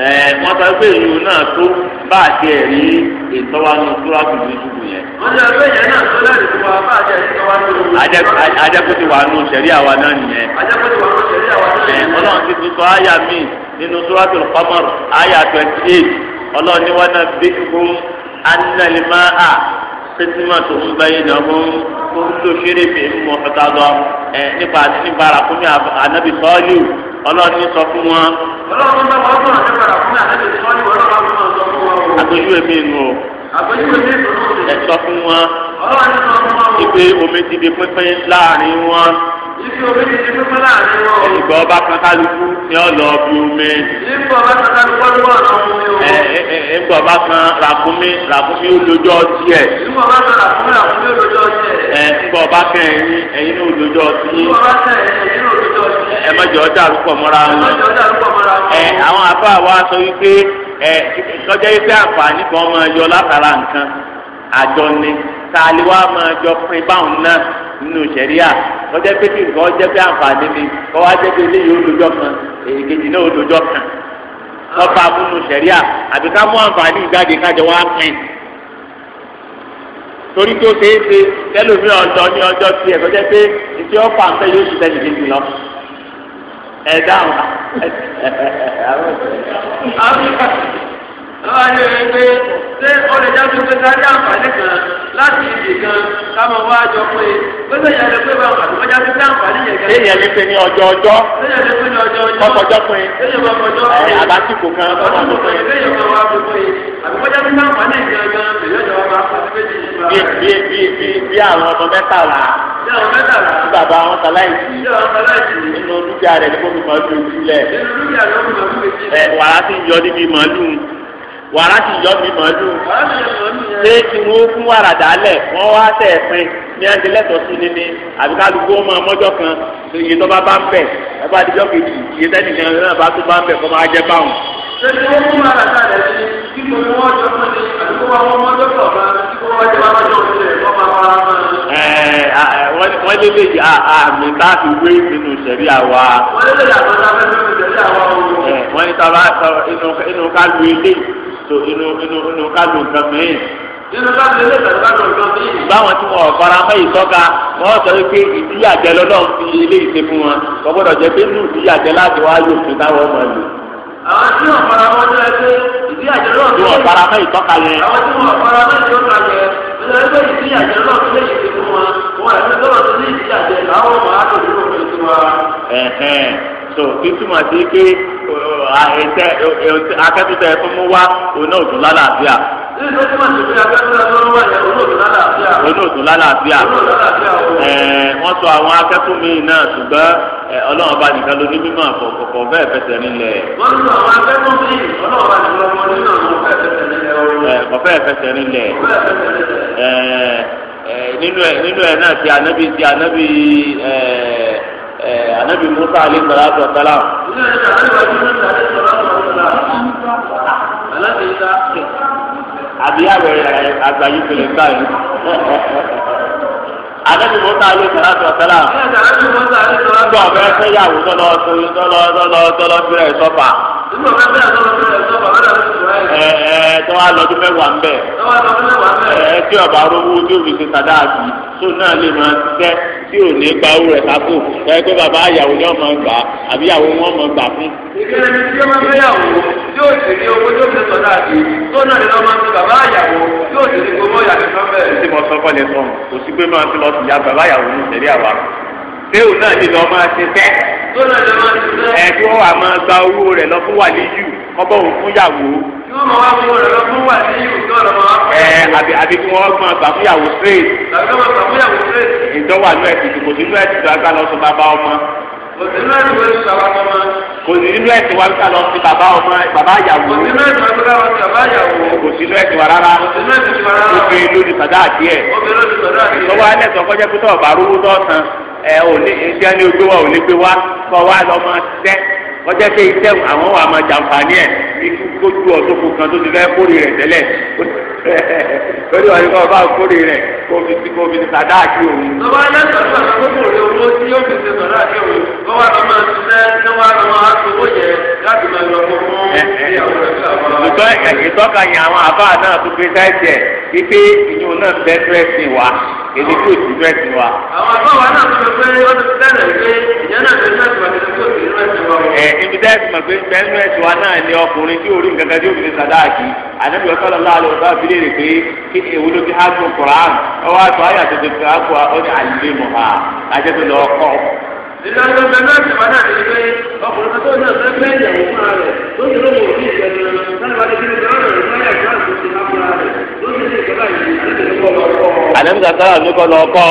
ẹ wọn sọ pé ìlú náà tó bá àti ẹ̀rí ìtọ́wánu túráàtù yusuf yẹn. wọn sọ pé ìyẹn náà tó láti fún wa bá àti ẹ̀rí ìtọ́wánu. ajẹ́kùtì wà nù sẹ̀rí àwa náà nìyẹn. ajẹ́kùtì wà nù sẹ̀rí àwa náà nìyẹn. sọ àyà mi nínú àyà twenty eight ọlọ́run ni wọ́n náà bí fún à tó ń náà fún ṣeré lọ ọlọ́run ní sọ fún wọn. ọlọ́run bá wọn sọ̀rọ̀ ní padà fún àtẹ́lẹ̀ ìsọ́lẹ̀ ọlọ́run bá wọn sọ fún wọn. àpèjúwe mi nù o. àpèjúwe mi nù o. ẹ sọ fún wọn. ọlọ́run sọ fún wọn. ìpè omi ti di pínpín láàrin wọn. ìpè omi ti di pínpín láàrin wọn. ìgbà ọba kan ni ọ lọ bí omi. ìgbà ọba kan ni ọ lọ bí omi. ẹ ẹ ẹ ìgbà ọba kan ràkúnmí ràkúnmí ó lójó ẹ ìgbà ọba kan ẹ̀yin ẹ̀yin ẹ mọ̀jọ́ ọjà àrùkọ̀ mọ́ra wọn. ẹ àwọn àbá wa sọ wípé ẹ kọjá yìí pé àǹfààní kan máa yọ látara nǹkan àjọ ni tààlí wa máa jọ pin báwọn náà nínú sẹ̀ríà kọjá pé kí nǹkan jẹ́ pé àǹfààní ni kọ́ wá jẹ́ pé eléyìí ó lójọ́ kan èyí kejì náà ó lójọ́ kan lọ́ba múnú sẹ̀ríà àbí ká mú àǹfààní ìjáde kájọ wá pin torí tó ṣeé ṣe tẹ́lómi ọ̀dọ́ ní ọjọ́ tiẹ̀ kọjá pé ìṣe ọ̀pá ń tẹ́ yóò ṣiṣẹ́ nìkejì lọ ẹ dáhùn. lọ́wọ́ ayé rẹ̀ pé ṣé o lè já sí pé kárí àǹfààní kan láti ibì kan ká mọ wá jọ pé gbẹ́sẹ̀ yẹn lè pé bá wà lọ́wọ́ já pé àǹfààní yẹn gẹ́gẹ́. Téèyàn lè pe ní ọjọ́ ọjọ́. Téèyàn lè pe ní ọjọ́ ọjọ́. Kọ́kọ́jọ́ pin. Téèyàn máa kọjọ́ pin. Ẹ àbátìkù kan kọ́ máa pin. Téèyàn máa wá pin pin. Àbíkọ́jọ́ pin àǹfààní yẹn gan-an lèyọ́ jọ wá máa pàṣẹ méjì yìí. Bí àwọn ọmọ mẹ́tàlá tí bàbá wọn kàláì sí nínú dúkìá rẹ̀ ní kó fi màálù ìtúlẹ̀ ẹ̀ wàrà ti yọ níbi màálù. wàrà ti yọ mi màálù ṣé tí wọn fún wàrà dálẹ wọn wá tẹ ẹ pin ní adilẹtọ sí ni ni àbí kálukú ọmọ ọmọjọ kan iye tó bá bá ń bẹ ẹ bá dijọ kejì iye tẹni kan náà bá tó bá ń bẹ kó máa jẹ báwọn. ṣé tí wọn fún wàrà dálẹ ni kí mo ní wọn jọ fún mi àbí kó wọn ọmọjọ kan bá kí kó wọn jẹ wọn jọ fún mi kó máa wá wọn. wọ́n lé lè yí àmì láti wé nínú ìṣẹ̀rí àwa. wọ́n lé lè yàtọ̀ sáfẹ́ nínú ìṣẹ̀rí àwa o. wọ́n ní sábà inú ká lu so inu inu inú kájú nǹkan mìíràn nínú bá lè lẹ́sẹ̀ bá lọ lọ sí. báwọn tí wọn fara mọ́ ìtọ́ka wọ́n sọ pé ìdíyàjẹ lọ́dọ̀ fi ilé ìṣe fún wọn kò gbọ́dọ̀ jẹ́ pé inú ìdíyàjẹ láti wá yóò fi táwọn ọmọ lò. àwọn tí wọn fara mọ́ jẹ́ pé ìdíyàjẹ lọ́dọ̀ wọn fara yẹn. àwọn tí wọn fara yẹn lọ́dọ̀ fi ilé ìṣe fún wọn wọn akẹ́tùtẹ̀ fún mú wá oná òdùn lálàáfíà. oná òdùn lálàáfíà. wọ́n sọ àwọn akẹ́kọ̀ọ́ mi náà ṣùgbọ́n ọlọ́run ọba nìkan ló ní mímọ́ àkọ́kọ́ bẹ́ẹ̀ fẹsẹ̀ nílẹ̀. wọ́n sọ àwọn akẹ́kọ̀ọ́ mi ọlọ́run ọba nìkan ló ní mímọ́ àkọ́kọ́ bẹ́ẹ̀ fẹsẹ̀ nílẹ̀. nínú ẹ̀ nínú ẹ̀ náà ti ànábì ti ànábì ẹ̀ẹ́. anabi musa alayhi salatu wa salam. àbí àbẹ̀rẹ̀ àgbáyé pèlè báyìí. anabi musa alayhi salatu wa salam. gbọ́ ọ̀bẹ fẹ́ yàwó tọ́lọ́ tọ́lọ́ tọ́lọ́ tọ́lọ́ fẹ́rẹ̀ sọ́fà. ẹ ẹ tọ́wọ́ alọ́dún mẹ́wàá ń bẹ̀. ẹ tí ọba tí ò ní gba owó rẹ̀ sáfò lọ́yẹ́ pé bàbá àyàwó ni wọ́n máa gbà àbí àwọ wọn máa gbà fún. ìgbésẹ̀ ni tí ó máa fẹ́ yàwó yóò sì ní owó tó fi sọ̀dá àti tó náà ní lọ́ máa fi bàbá àyàwó yóò sì ní gbogbo ìyàwó tó bẹ̀rẹ̀. tí mo sọ fọ́ lè sọ̀rọ̀ kò sí pé máa fi lọ sí ya bàbá àyàwó ní ìṣẹ̀lẹ̀ àwa fẹ́ẹ̀wò náà ni lọ́ máa ti fẹ́. tó náà lọ́ máa ti fẹ́. ẹ̀ kí wọ́n máa wá fún ọ̀rọ̀ lọ fún wà sí ìlú tó ọ̀rọ̀ máa wá. ẹ àbí àbí kí wọ́n máa gbà fúyàwó straight. àbí wọ́n máa gbà fúyàwó straight. ìdánwà ló ẹ̀sìn kò sínú ẹ̀sìn tó agbá lọ sí bàbá ọmọ. kò sínú ẹ̀sìn tó agbá lọ sí bàbá ọmọ. kò sínú ẹ̀sìn wa ká lọ sí bàbá ọmọ bàbá ìyàwó. kò sínú ẹ̀sìn wa ká lọ sí bàbá ìyàwó. kò sínú ẹ̀sìn wa rárá. kò rárá. obìnrin ló di sàdá àti ẹ̀. obìnrin ló di sàdá àti ẹ̀. ìtọ́wọ́ alẹ́ sọ kọ́jẹ́ pé ikú kójú ọ̀sọ́kù kan tó ti fẹ́ kórè rẹ̀ tẹ́lẹ̀ ó ní wàá ní kọ́ bá kórè rẹ̀ kó fi ti kó fi ti sàdá àti òun. lọ́wọ́ alẹ́sọ̀ sọ àkókò rẹ̀ owó tí yóò fi ṣe sọ̀rọ̀ àti òun kó wá lọ́mọ ṣiṣẹ́ ní wá lọ́mọ aṣọwó yẹn láti máa lọ fún fún ìyàwó rẹ̀. ìtọ́ka yẹn àwọn àbá náà tó gbé sáìtì ẹ̀ wípé ìyún náà bẹ́ dírẹ́sì wa èdè tó ti dírẹ́sì wa. àwọn àbá wa náà tó pé ó ti tẹ̀lé pé ìyẹn ọkùnrin tí orí nǹkan kan tí obìnrin sàdáàkì ànábi ọ̀sọ́lá láàlú ọ̀sọ́ àbílẹ̀ rẹ̀ pé kí èwo ló ti há tó koran ọwọ́ àtọ́ ayé àtẹ̀tẹ̀ kí á kó ọdún àlè mọ̀ ha lájẹ́ tó lọ kọ́. ìlànà bẹ̀rẹ̀ náà ti wọ́n náà ní pé ọkùnrin tó náà fẹ́ fẹ́ ìyàwó fúnra rẹ̀ tó ti lóun òbí ìjẹun náà wà lójú ìjọ àlẹ́mú sàkárà ló kọ́ lọ́kọ́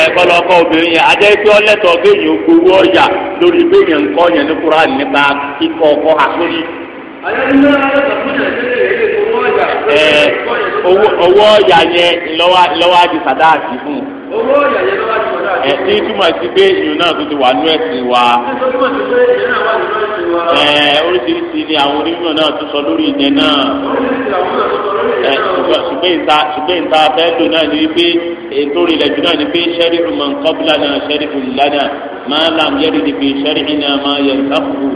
ẹ̀ kọ́ lọ́kọ́ obìnrin yẹn adé pé ọlẹ́tọ̀ọ́ kéèyàn gbowó ọjà lórí pé yẹn ń kọ́ yẹn ní Kùránì nípa kíkọ́ ọkọ́ àsórí. owó ọ̀yà yẹn lọ́wọ́ àti sàdáàkì fún un owó yàyẹ lọ́wọ́ àti ọ̀dọ́ àti. ẹ ti túmọ̀ sí pé ìyún náà tó ti wà nú ẹ̀sìn wa. ẹ oríṣiríṣi ni àwọn onímọ̀ náà tó sọ lórí ìyẹn náà. ẹ ṣùgbọ́n ìta ṣùgbọ́n ìta fẹ́ẹ́ lò náà ni wípé ètò ìrìnlẹ̀jù náà ni pé sẹ́rífù mọ̀ nǹkan bí lánàá sẹ́rífù lánàá máa làm yẹ́rì níbi sẹ́rí iná máa yẹ ìdákùrù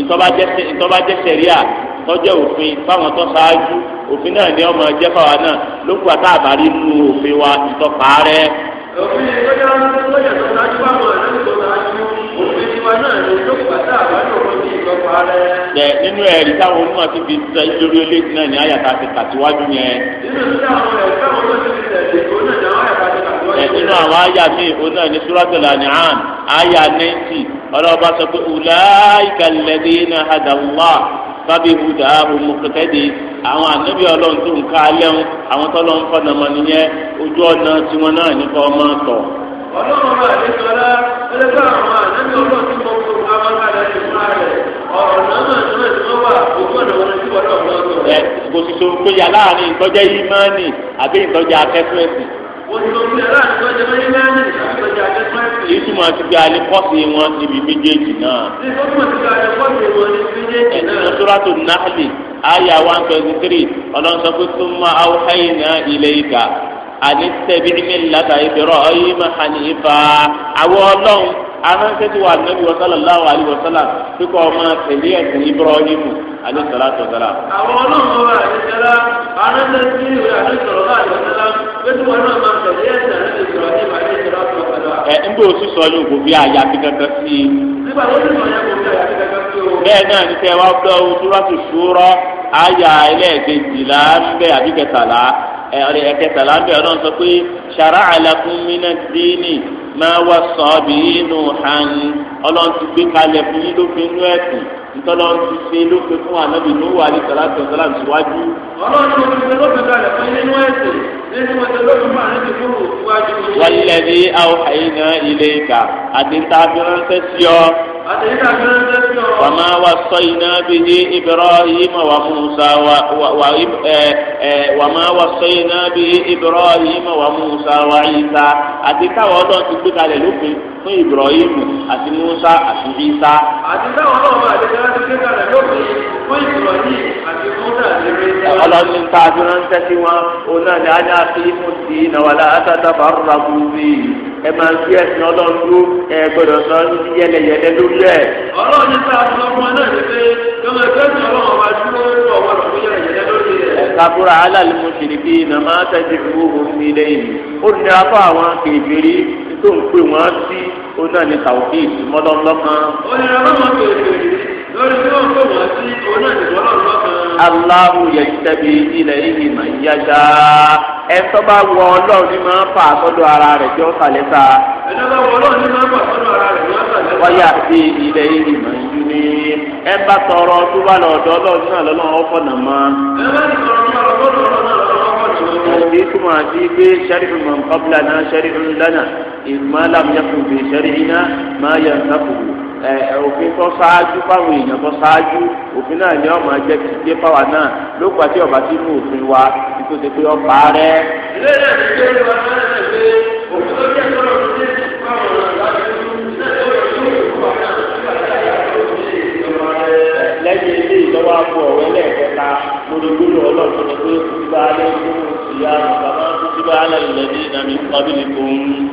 ìtọ́ba jẹ́ sẹ́ríà tọ́jọ́ òfin fáwọn tó ṣáájú òfin náà ni ọmọ ẹjẹ́ fáwọn náà ló kú àtà àbárí nù òfin wa ìtọ́pa rẹ̀. òfin ìtọ́jà tó ṣáájú fáwọn àdúgbò ṣáájú òfin tiwa náà ló kú àtà àbárí òfin tẹ nínú ẹ̀rí táwọn onímọ̀ ti fi sẹ lórí eléyìí náà ní àyàtà ti tàsíwájú yẹn. nínú àwọn àyà mi òun náà ní suratul An'am àyà nẹ́ńtì ọlọ́ọ̀bá sọ pé ulaika alladhina hadallah fábí huda mọ̀kẹ́tẹ́dì àwọn ànábì ọlọ́run tó ń ká lẹ́hún àwọn tọ́lọ́ ń fọ́nà mọ́ nìyẹn ojú ọ̀nà tiwọn náà nípa ọmọ tọ̀. ọlọ́run bá àdéhùn ọlá ẹlẹ́gbẹ́ àwọn ànábì ọlọ́run tó ń bọ̀ fún ọmọ bá àdéhùn ọlá rẹ̀ ọ̀rọ̀ náà mà ní wọ́n ti wá ojú ọ̀nà wọn ti wọ́n náà wọ́n sọ. ẹ kò sì so pé yà láàrin ìtọ́jẹ́ ìmánì àbí ìtọ́jẹ́ akẹ́fẹ́sì. ìtumọ̀ ti gba alikọ́sì wọn níbi méjèèjì náà. ìtumọ̀ ti gba alikọ́sì wọn níbi méjèèjì náà. ẹ̀sìn sọ́ràtò náà lè aya one sọ pé tó máa awọ́ ẹ̀yìn náà ilé ìka àní tẹ̀bí mílíọ̀tà Ibrahim hanifa àwọn ọlọ́run amánsẹ́ ti wà sallallahu alaihi wasallam tí kò ma tẹ̀lé ẹ̀sìn Ibrahim alẹ́ sọ̀rọ̀ àtọ̀ sọ̀rọ̀. àwọn ọlọ́run ọba àdìsẹ́lá amánsẹ́ náà ẹ sísọ àyà kankan sí i. nígbà tó bí àyà kankan sí i. náà wá àyà ń bẹ àbí ọ̀rẹ́ ẹ̀kẹtàlá bẹ́ẹ̀ ọlọ́run sọ pé shara'a lakum mina ad-dini ma wassa bihi Nuhan ọlọ́run ti gbé kalẹ̀ fún yín lófin inú ẹ̀sìn ntọ́lọ́ ti ṣe lófin fún anábì ní wà ní sàlátì ọ̀sálà síwájú. ọlọ́run ti ṣe lófin kalẹ̀ fún yín nínú ẹ̀sìn nínú lófin fún ní àti ntàbí ránṣẹ́ sí ọ. àti ntàbí ránṣẹ́ sí wàmà wàsọ̀yìnà bìhí ibrahim wà musa wà wàmà wàsọ̀yìnà bìhí ibrahim wà musa wà isa àti káwọn ọlọ́run ti gbé kalẹ̀ lópin fún Ibrahim àti Musa àti Isa. àti táwọn náà máa dé láti kékeré lónìí fún Ibrahim àti Musa àti Isa. ọlọ́ni ń ta àti ránṣẹ́ sí wọn òun náà ni a ní àfihàn sí ìnáwálá àtàtàfà rúra kú sí i ẹ máa ń fi ẹsìn Ọlọ́run tó ẹ gbọ́dọ̀ sọ ní yẹlẹyẹlẹ lórí ẹ. Ọlọ́run ní sáà sọ fún ẹ náà ní pé yọmọ ẹgbẹ́ ìsìn Ọlọ́run máa dúró ní ọ̀wọ́ alali musiriki nàmá tẹsí fúhùn mi lẹ́yìn ó ní afọ àwọn kèfèrí tó ń pè wọn sí ó náà ní tàwọ́fíì mọ́lọ́lọ́kan. onírànlọ́mọ kèrè lórí bí wọ́n kó wọ́n sí òun náà ní mọ́lọ́lọ́kan. man wọ ọlọ́run ní máa fà sọ́dọ̀ ara rẹ̀ jọ́ sàlẹ́sà. ẹ tọ́ba wọ ọlọ́run ní máa fà sọ́dọ̀ ara rẹ̀ jọ́ sàlẹ́sà. wáyà sí ilẹ̀ yìí mọ̀ ní ẹ bá tọrọ tó bá lọ ọ̀dọ̀ ọlọ́run náà lọ́lọ́run ọ̀fọ̀nà mọ́. ẹ bá tọrọ tó èyí tó máa من قبلنا sẹ́rífù لنا ọ́bùlà náà sẹ́rífù lánàá ìmọ̀lá miyàkùn fi sẹ́rífù náà máa yẹ ǹkàkùn ẹ òfin tó ṣáájú fáwọn èèyàn tó ṣáájú òfin náà ni ọmọ ẹgbẹ́ ti dé fáwa náà ló gbà tí ọba ti mú òfin wa kí tó ṣe pé ọba rẹ. ilé ìrẹsì tó ń bá ọ̀rẹ́ pé òfin tó jẹ́ sọ́rọ̀ tó dé fáwọn ọ̀rẹ́ lẹ́yìn ilé ìjọba fún ọ̀rẹ́ lẹ́ẹ̀kẹta lórí gbólóhùn ọlọ́run tó ní pé kúkú bá lẹ́yìn tó ń الصيام كما كتب على الذين من قبلكم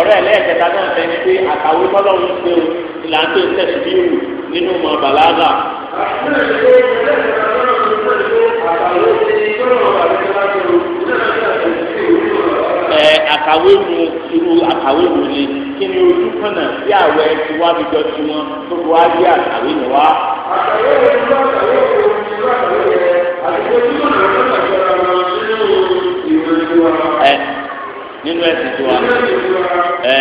ọ̀rẹ́ ẹlẹ́ẹ̀kẹta náà fẹ́ ni pé àkàwé bọ́lọ́run ṣe o ìlànà tó ń tẹ̀sí bí wù nínú ọmọ bàlágà. ẹ àkàwé mu irú àkàwé mu lè kí ni ojú kànáà sí àwẹ̀ tí wàá fi jọ ti wọn tó kó wá àtàwé ni wá. àtàwé ìlú àtàwé ìlú ìlú àtàwé rẹ àtàwé ìlú àtàwé ìjọba wọn nínú ìròyìn tiwa. ẹ nínú ẹsìn tiwa ẹ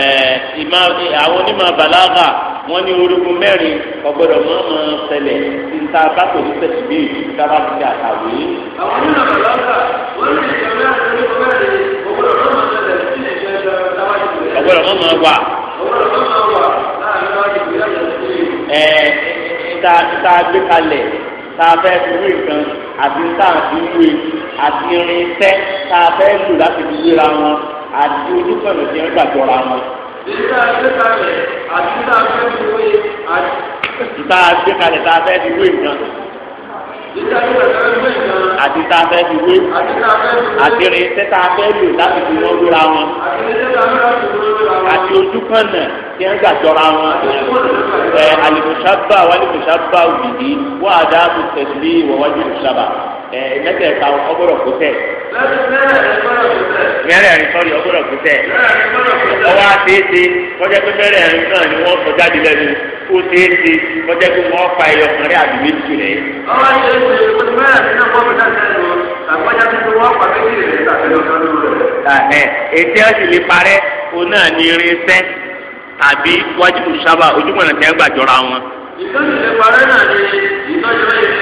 ìmá àwọn onímọ̀ bàlágà wọn ní orúkún mẹ́rin ọgbọ́dọ̀ mọ́ ọmọ ṣẹlẹ̀ tí n ta bá kò ní tẹ̀sí bí èyí ká bá ti ṣe àtàwé. àwọn onímọ̀ bàlágà wọn ní ìjọba ọgbọ́dọ̀ mọ́ ọmọ wà. ẹ ta ta gbé kalẹ̀ ta fẹ́ wé nǹkan àti ta fi wé àti irinṣẹ́ ta fẹ́ lò láti fi wéra wọn àti ojúkànnì tí wọ́n gbàgbọ́ra wọn. ìta gbé kalẹ̀ àti ta fẹ́ fi wé àti. ìta gbé kalẹ̀ ta fẹ́ fi wé nǹkan. ìta gbé kalẹ̀ ta fẹ́ fi wé nǹkan àti tá a fẹ́ fi wé àti rè tẹ́ tá a fẹ́ lò láti fi wọ́n lóra wọn àti ojú kan náà tí wọ́n gbà jọra wọn ẹ alimusaba walimusaba wìdí wọ́n àdá tó tẹ̀lé wọ́wájú musaba ẹ mẹ́tẹ̀ẹ̀ta ọgbọ́dọ̀ kó tẹ̀ mẹ́rẹ̀ẹ̀rin sọ́ọ̀rì ọgbọ́dọ̀ kó tẹ̀ ọwọ́ àti ètè kọjá pé mẹ́rẹ̀ẹ̀rin náà ni wọ́n sọ jáde lẹ́nu kó ṣeé ṣe kọjá pé wọ́n fa ẹyọ kan rí àbí méjì rẹ̀. ọmọ ṣe ṣe ìfúnni mẹ́rin nínú ọkọ mi náà ṣẹ́nu àgbọ̀já tuntun wọ́n pa méjì rẹ̀ tàbí ọ̀kan lóru rẹ̀. ètí ọ̀sìn lè parẹ́ òun náà ní irinṣẹ́ tàbí wájú sábà ojúmọ̀nà tẹ́ gbàjọra wọn. ìtọ́jú lè parẹ́ náà ni ìtọ́jú lè fi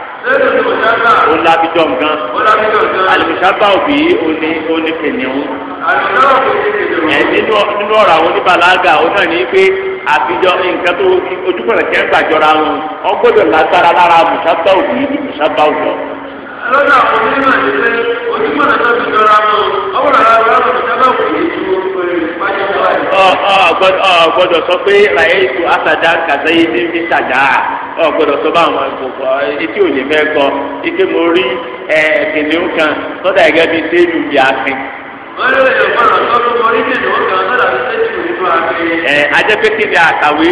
ó lábíjọ nǹkan alìmùsábà òbí oní oní kìnìún ẹ nínú nínú ọ̀rọ̀ àwọn oníbàlágà ó náà ní pé àbíjọ nǹkan tó ojúkọ̀rọ̀ jẹ́ gbàjọra wọn ó gbọ́dọ̀ lágbára lára mùsábà òbí ní mùsábà òbọ̀. lọ́dọ̀ àwọn onímọ̀ ní pé ojúkọ̀rọ̀ tó ti jọra wọn ọ̀rọ̀ àwọn mùsábà òbí gbọ́dọ̀ sọ pé ràyẹ̀tù asàdá kàdáyé ní mísàdá gbọ́dọ̀ sọ bá àwọn àgbòkọ etí òye fẹ́ kọ ike mo rí kìnìún kan sọ́dà gẹ́gẹ́ bíi sẹ́ẹ̀lù bíi àfin. wọ́n lè lè fọ́nà tọ́lú mọ́ ní kìnìún kan sọ́dà bíi sẹ́ẹ̀lù nínú àfin. ẹ ajẹ́pẹ́kẹ́ ni àkàwé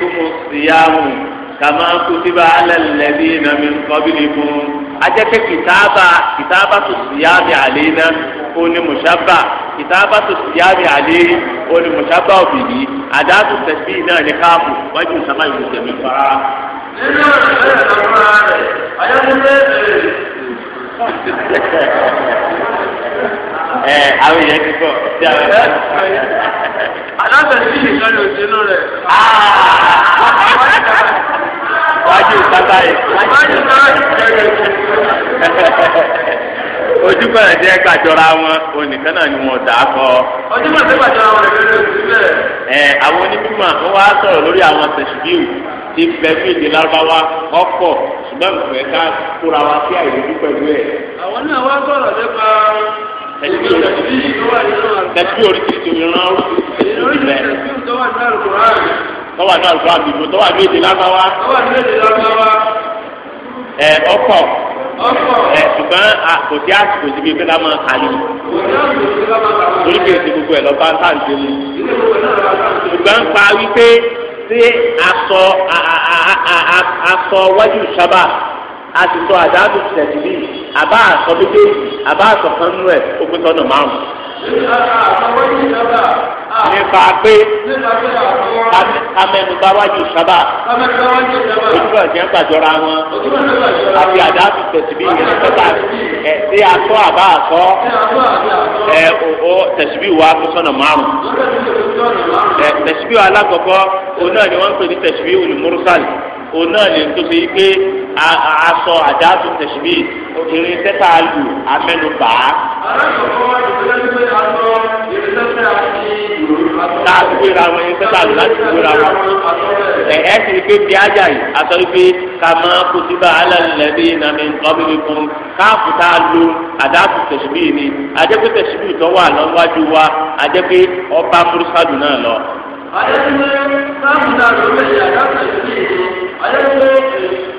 tọ́lọ̀ kàmá kùtìbà nàmi kìtàbà kìtàbà tó náà. oni musaba kìtàbàtò síyáàbì àlẹ́ oni musaba òbìlì àdáàtò tẹ̀sí náà ní káàpù wájú sábà yìí tẹ̀mí fara. nínú ìṣẹ̀lẹ̀ ìṣàkóso rẹ̀ ayọ́kùnrin ẹ̀ ẹ̀ àwọn èèyàn ti kọ́ sí àwọn ẹ̀ alábẹ̀sí ìkànnì òṣèlú rẹ̀. Ah! wájú sábà yìí. wájú sábà yìí. ojúbọ ẹgbà jọra wọn onìkan náà ni wọn dà á kọ. ojúbọ ẹjẹ wọn lè lè lè ẹ àwọn onímọ̀ wọn wá sọ̀rọ̀ lórí àwọn tẹ̀síbíù ti bẹ fún èdè lárúbáwá ọkọ̀ ṣùgbọ́n ìfẹ́ ká kóra wa sí àìlójú pẹ̀lú ẹ̀. àwọn náà wá sọ̀rọ̀ nípa oríṣiríṣi ìran oríṣiríṣi tó wà ní ẹ ṣùgbọ́n kò sí àsìkò síbi pé ká máa kàlí torí kìí ṣe gbogbo ẹ̀ lọ bá ń tà ń dé mu ṣùgbọ́n pa wípé ṣé aṣọ aṣọ wájú sábà a ti sọ àdáàbò tẹ̀sílì àbá aṣọ méjèèjì àbá aṣọ kan nú ẹ̀ ó pé tọ́nà márùn-ún nípa pé amẹnugba wájú sábà ojú ọ̀jẹ̀ ń gbàjọra wọn àfi àdá ti tẹ̀síbí yẹn sọ́tà ẹ̀ sí asọ́ àbá asọ́ ẹ̀ o tẹ̀síbí wa kó sọ́nà márùn ẹ̀ tẹ̀síbí wa alákọ̀ọ́kọ́ òun náà ni wọ́n ń pè ní tẹ̀síbí olùmúrúsàlì òun náà tó fi pé aṣọ àdáàtú tẹ̀síbí irin tẹ́tà lù amẹnubà. alákọ̀ọ́kọ́ wájú tẹ́lẹ̀ pé aṣọ irin tá a dúró ra wọn ẹgbẹ́ tá a lò láti dúró ra wọn. ẹ ẹ sì ní pé bí ajá yìí aṣọ wípé ká máa kó síbà alẹ́lẹ́bí nàmi ọ̀bẹ̀bẹ̀ fún káàpù tá a lo àdáàpù tẹ̀síbì ni àjẹpẹ́ tẹ̀síbì tó wà lọ́wájú wa àjẹpẹ́ ọba múrísàdù náà lọ. àjẹpẹ́ káàpù tá a lò lẹ́yìn àdáàpù tẹ̀síbì ni àjẹpẹ́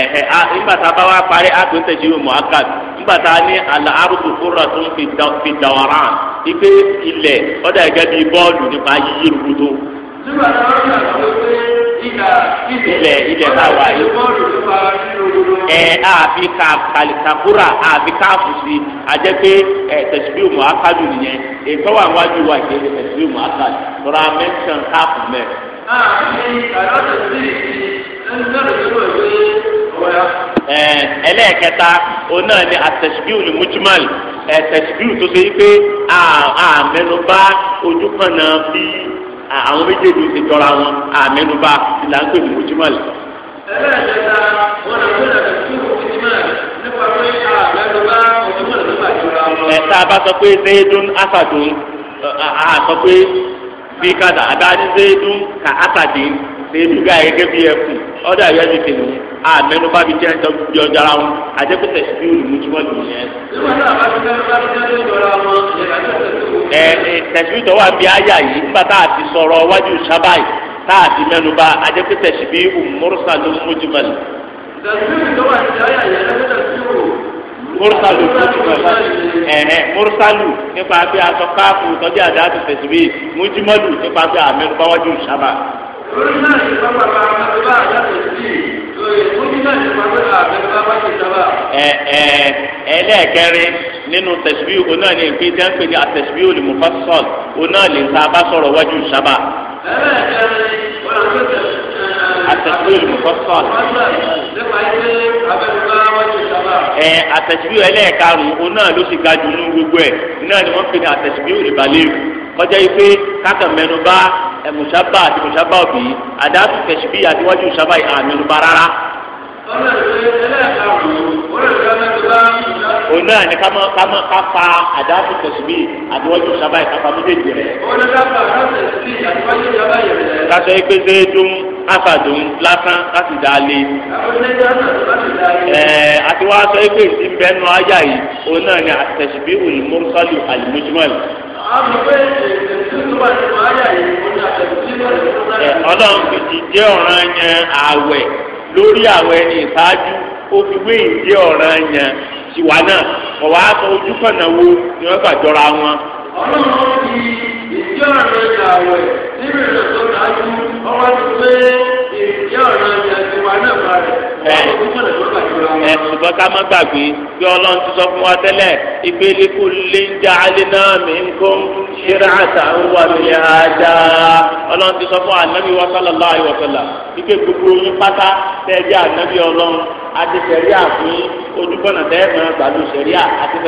ẹ̀hẹ̀ a ah, nígbà a bá wá parí a tún tẹ̀sí ìwé muhakkad ní àlà arúgbó fúnra tó ń fi dàwárán ipe ilẹ̀ ọ̀dà ẹ̀gẹ́ bíi bọ́ọ̀lù nípa yíyí rukutu. a ilẹ̀ ilẹ̀ a wà yìí ká kàlìkàkúrà àbí káàfù sí àjẹ́ pé tẹ̀síbí nìyẹn wa tẹ̀síbí mẹ́. Eh, ẹlẹ́ẹ̀kẹta òun náà ni àtẹ̀síbíù ní mujmal ẹ̀tẹ̀síbíù eh, tó ṣe pé àmẹnubá ojú kan náà bí àwọn méjèèjì ti jọra wọn àmẹnubá ìlànà pè ní mujmal. ẹlẹ́ẹ̀kẹta wọn náà gbọ́dọ̀ tẹ̀síbíù mujmal nípa pé àmẹnubá ojú kan náà jọra wọn. ẹ̀ta eh, bá sọ pé zayidun asadun àsọ pé bí kàdà àbá ní zayidun kà asadin lèlú gà gẹ́gẹ́ bí ẹkùn ọ̀dọ̀ àyọ̀ ti tẹ̀lé àmẹ́nu bá mi jẹ́ ẹjọ́ bí ọjà ara wọn àjẹpẹ́tẹ̀ sí olùmú tí wọ́n dùn yẹn. ẹ ẹ tẹ̀síwì tó wà ń bí àyà yìí nígbà tá a ti sọ̀rọ̀ wájú sábà yìí tá a ti mẹ́nu bá àjẹpẹ́tẹ̀ sí bí mọ́rọ́sà ló mú jù mọ́lẹ̀. tẹ̀síwì tó wà ń bí àyà yìí àjẹpẹ́tẹ̀ sí mursalu mujimalu ẹhẹ mursalu nípa bí asọ káàkiri tọjú àdá ti tẹsíwì mujimalu nípa bí amẹnubawajú sábà lórí náà ní pápá bá abẹ́rẹ́ àdáṣe sí lórí lórí náà ní pápá abẹ́rẹ́ bá ti sábà. ẹ ẹ ẹlẹ́ẹ̀kẹrin nínú tẹ̀síbíù oná ní ìpín tí wọ́n pè ní àtẹ̀síbíù olùmọ̀fásọ́l oná lè ta bá sọ̀rọ̀ wájú sábà. ẹlẹ́ẹ̀kẹrin wọ́n á tó tẹ̀síbíù التشبيه المفصل ẹ atẹsibiu ẹlẹ́ẹ̀karùn-ún òun náà ló sì ga jù nínú gbogbo ẹ̀ náà ni wọ́n fi ní atẹsibiu ìbàlẹ́rù kọjá yìí pé káka mẹnuba ẹ musaba àti musaba òbí àdáàtú kẹsìbí àti wájú musaba yìí àmẹnuba rárá. òun náà ni ká máa ká fa àdáàtú kẹsìbí àti wájú musaba yìí ká fa méjèèjì rẹ. kásọ yìí pé zéédùn afàdùn lásán láti dá lé. ẹ̀ẹ́ àti wá sọ yìí pé ìdí bẹ́ẹ̀ nù ayá yìí òun náà ni àtẹ̀sìbí olùmọ̀ọ́sálù àlùmọ́júmọ́lù ọlọ́run fi ti jẹ́ ọ̀ràn yẹn àwẹ̀ lórí àwọn ẹni ìṣáájú ó fi wé ìjẹ́ ọ̀ràn yẹn tiwa náà kọ̀ wá sọ ojú kọ̀nà wo ni wọ́n gbà jọra wọn. ọlọ́run fi ìjẹ́ ọ̀ràn yẹn àwẹ̀ nínú ìrìnàjò ṣáájú ọwọ́ ti pé ìjẹ́ ọ̀ràn yẹn tiwa náà bá rẹ̀. ẹ ṣùgbọ́n ká má gbàgbé bí ọlọ́run ti sọ fún wa tẹ́lẹ̀ ìpele lè ń alẹ́ náà mi ń kó ṣẹ́ra àtà ń wà mí àdá ọlọ́run ti sọ fún ànábì wa sallallahu alaihi wa sallam ike gbogbo yín pátá tẹ́jẹ́ ànábì ọlọ́run àti gbàdúrà àti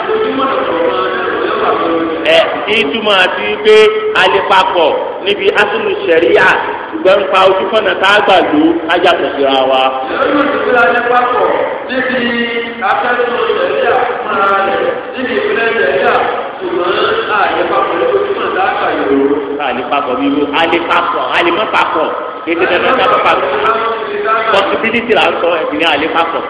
fẹ́ẹ́ ti ẹ ìtumọ̀ àti pé alipapọ̀ níbi asúlù sẹ̀ríyà ṣùgbọ́n ń pa ojú fọ̀nà tá a gbà lò á yàtọ̀ síra wa. ìlú ìlú alipapọ̀ níbi afẹ́sùn sẹ̀ríyà fúnra rẹ̀ níbi ìpínlẹ̀ sẹ̀ríyà ṣùgbọ́n àyẹ̀papọ̀ lójú fọ̀nà tá a gbà lò. alipapọ̀ bí wo alipapọ̀ alimọ̀papọ̀ kéde dandan dábọ̀ papọ̀ possibility la ń sọ ẹ̀sìn ní alipapọ̀.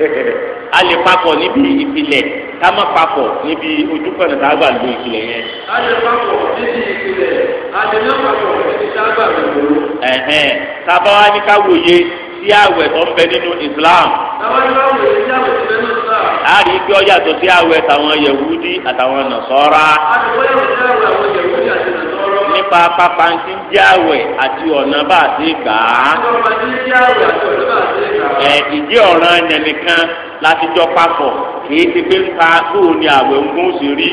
a lè papọ̀ níbi ìpìlẹ̀ ká má papọ̀ níbi ojúkọ̀nà tá a gbà lo ìpìlẹ̀ yẹn. a lè papọ̀ níbi ìpìlẹ̀ a lè má papọ̀ níbi tá a gbà lo ìpìlẹ̀. ẹ̀hẹ́n tábà wá ní ká wòye sí àwẹ̀ tó ń bẹ nínú Islam. tábà ní ká wòye sí àwẹ̀ tó ń bẹ nínú Islam. a rí i pé ó yàtọ̀ sí àwẹ̀ táwọn Yẹ̀wúdí àtàwọn Nàsárà. a ti wọ́n yàtọ̀ sí àwẹ̀ àwọn Yẹ̀wúdí àti Nàsárà nípa pápántí jáwẹ̀ àti ọ̀nà bá a ti gbà á ẹ̀ ìdí ọ̀ràn ẹnìkan láti jọ papọ̀ kìí ti pé ńpa tóo ni àwẹ̀ ń gún sí rí.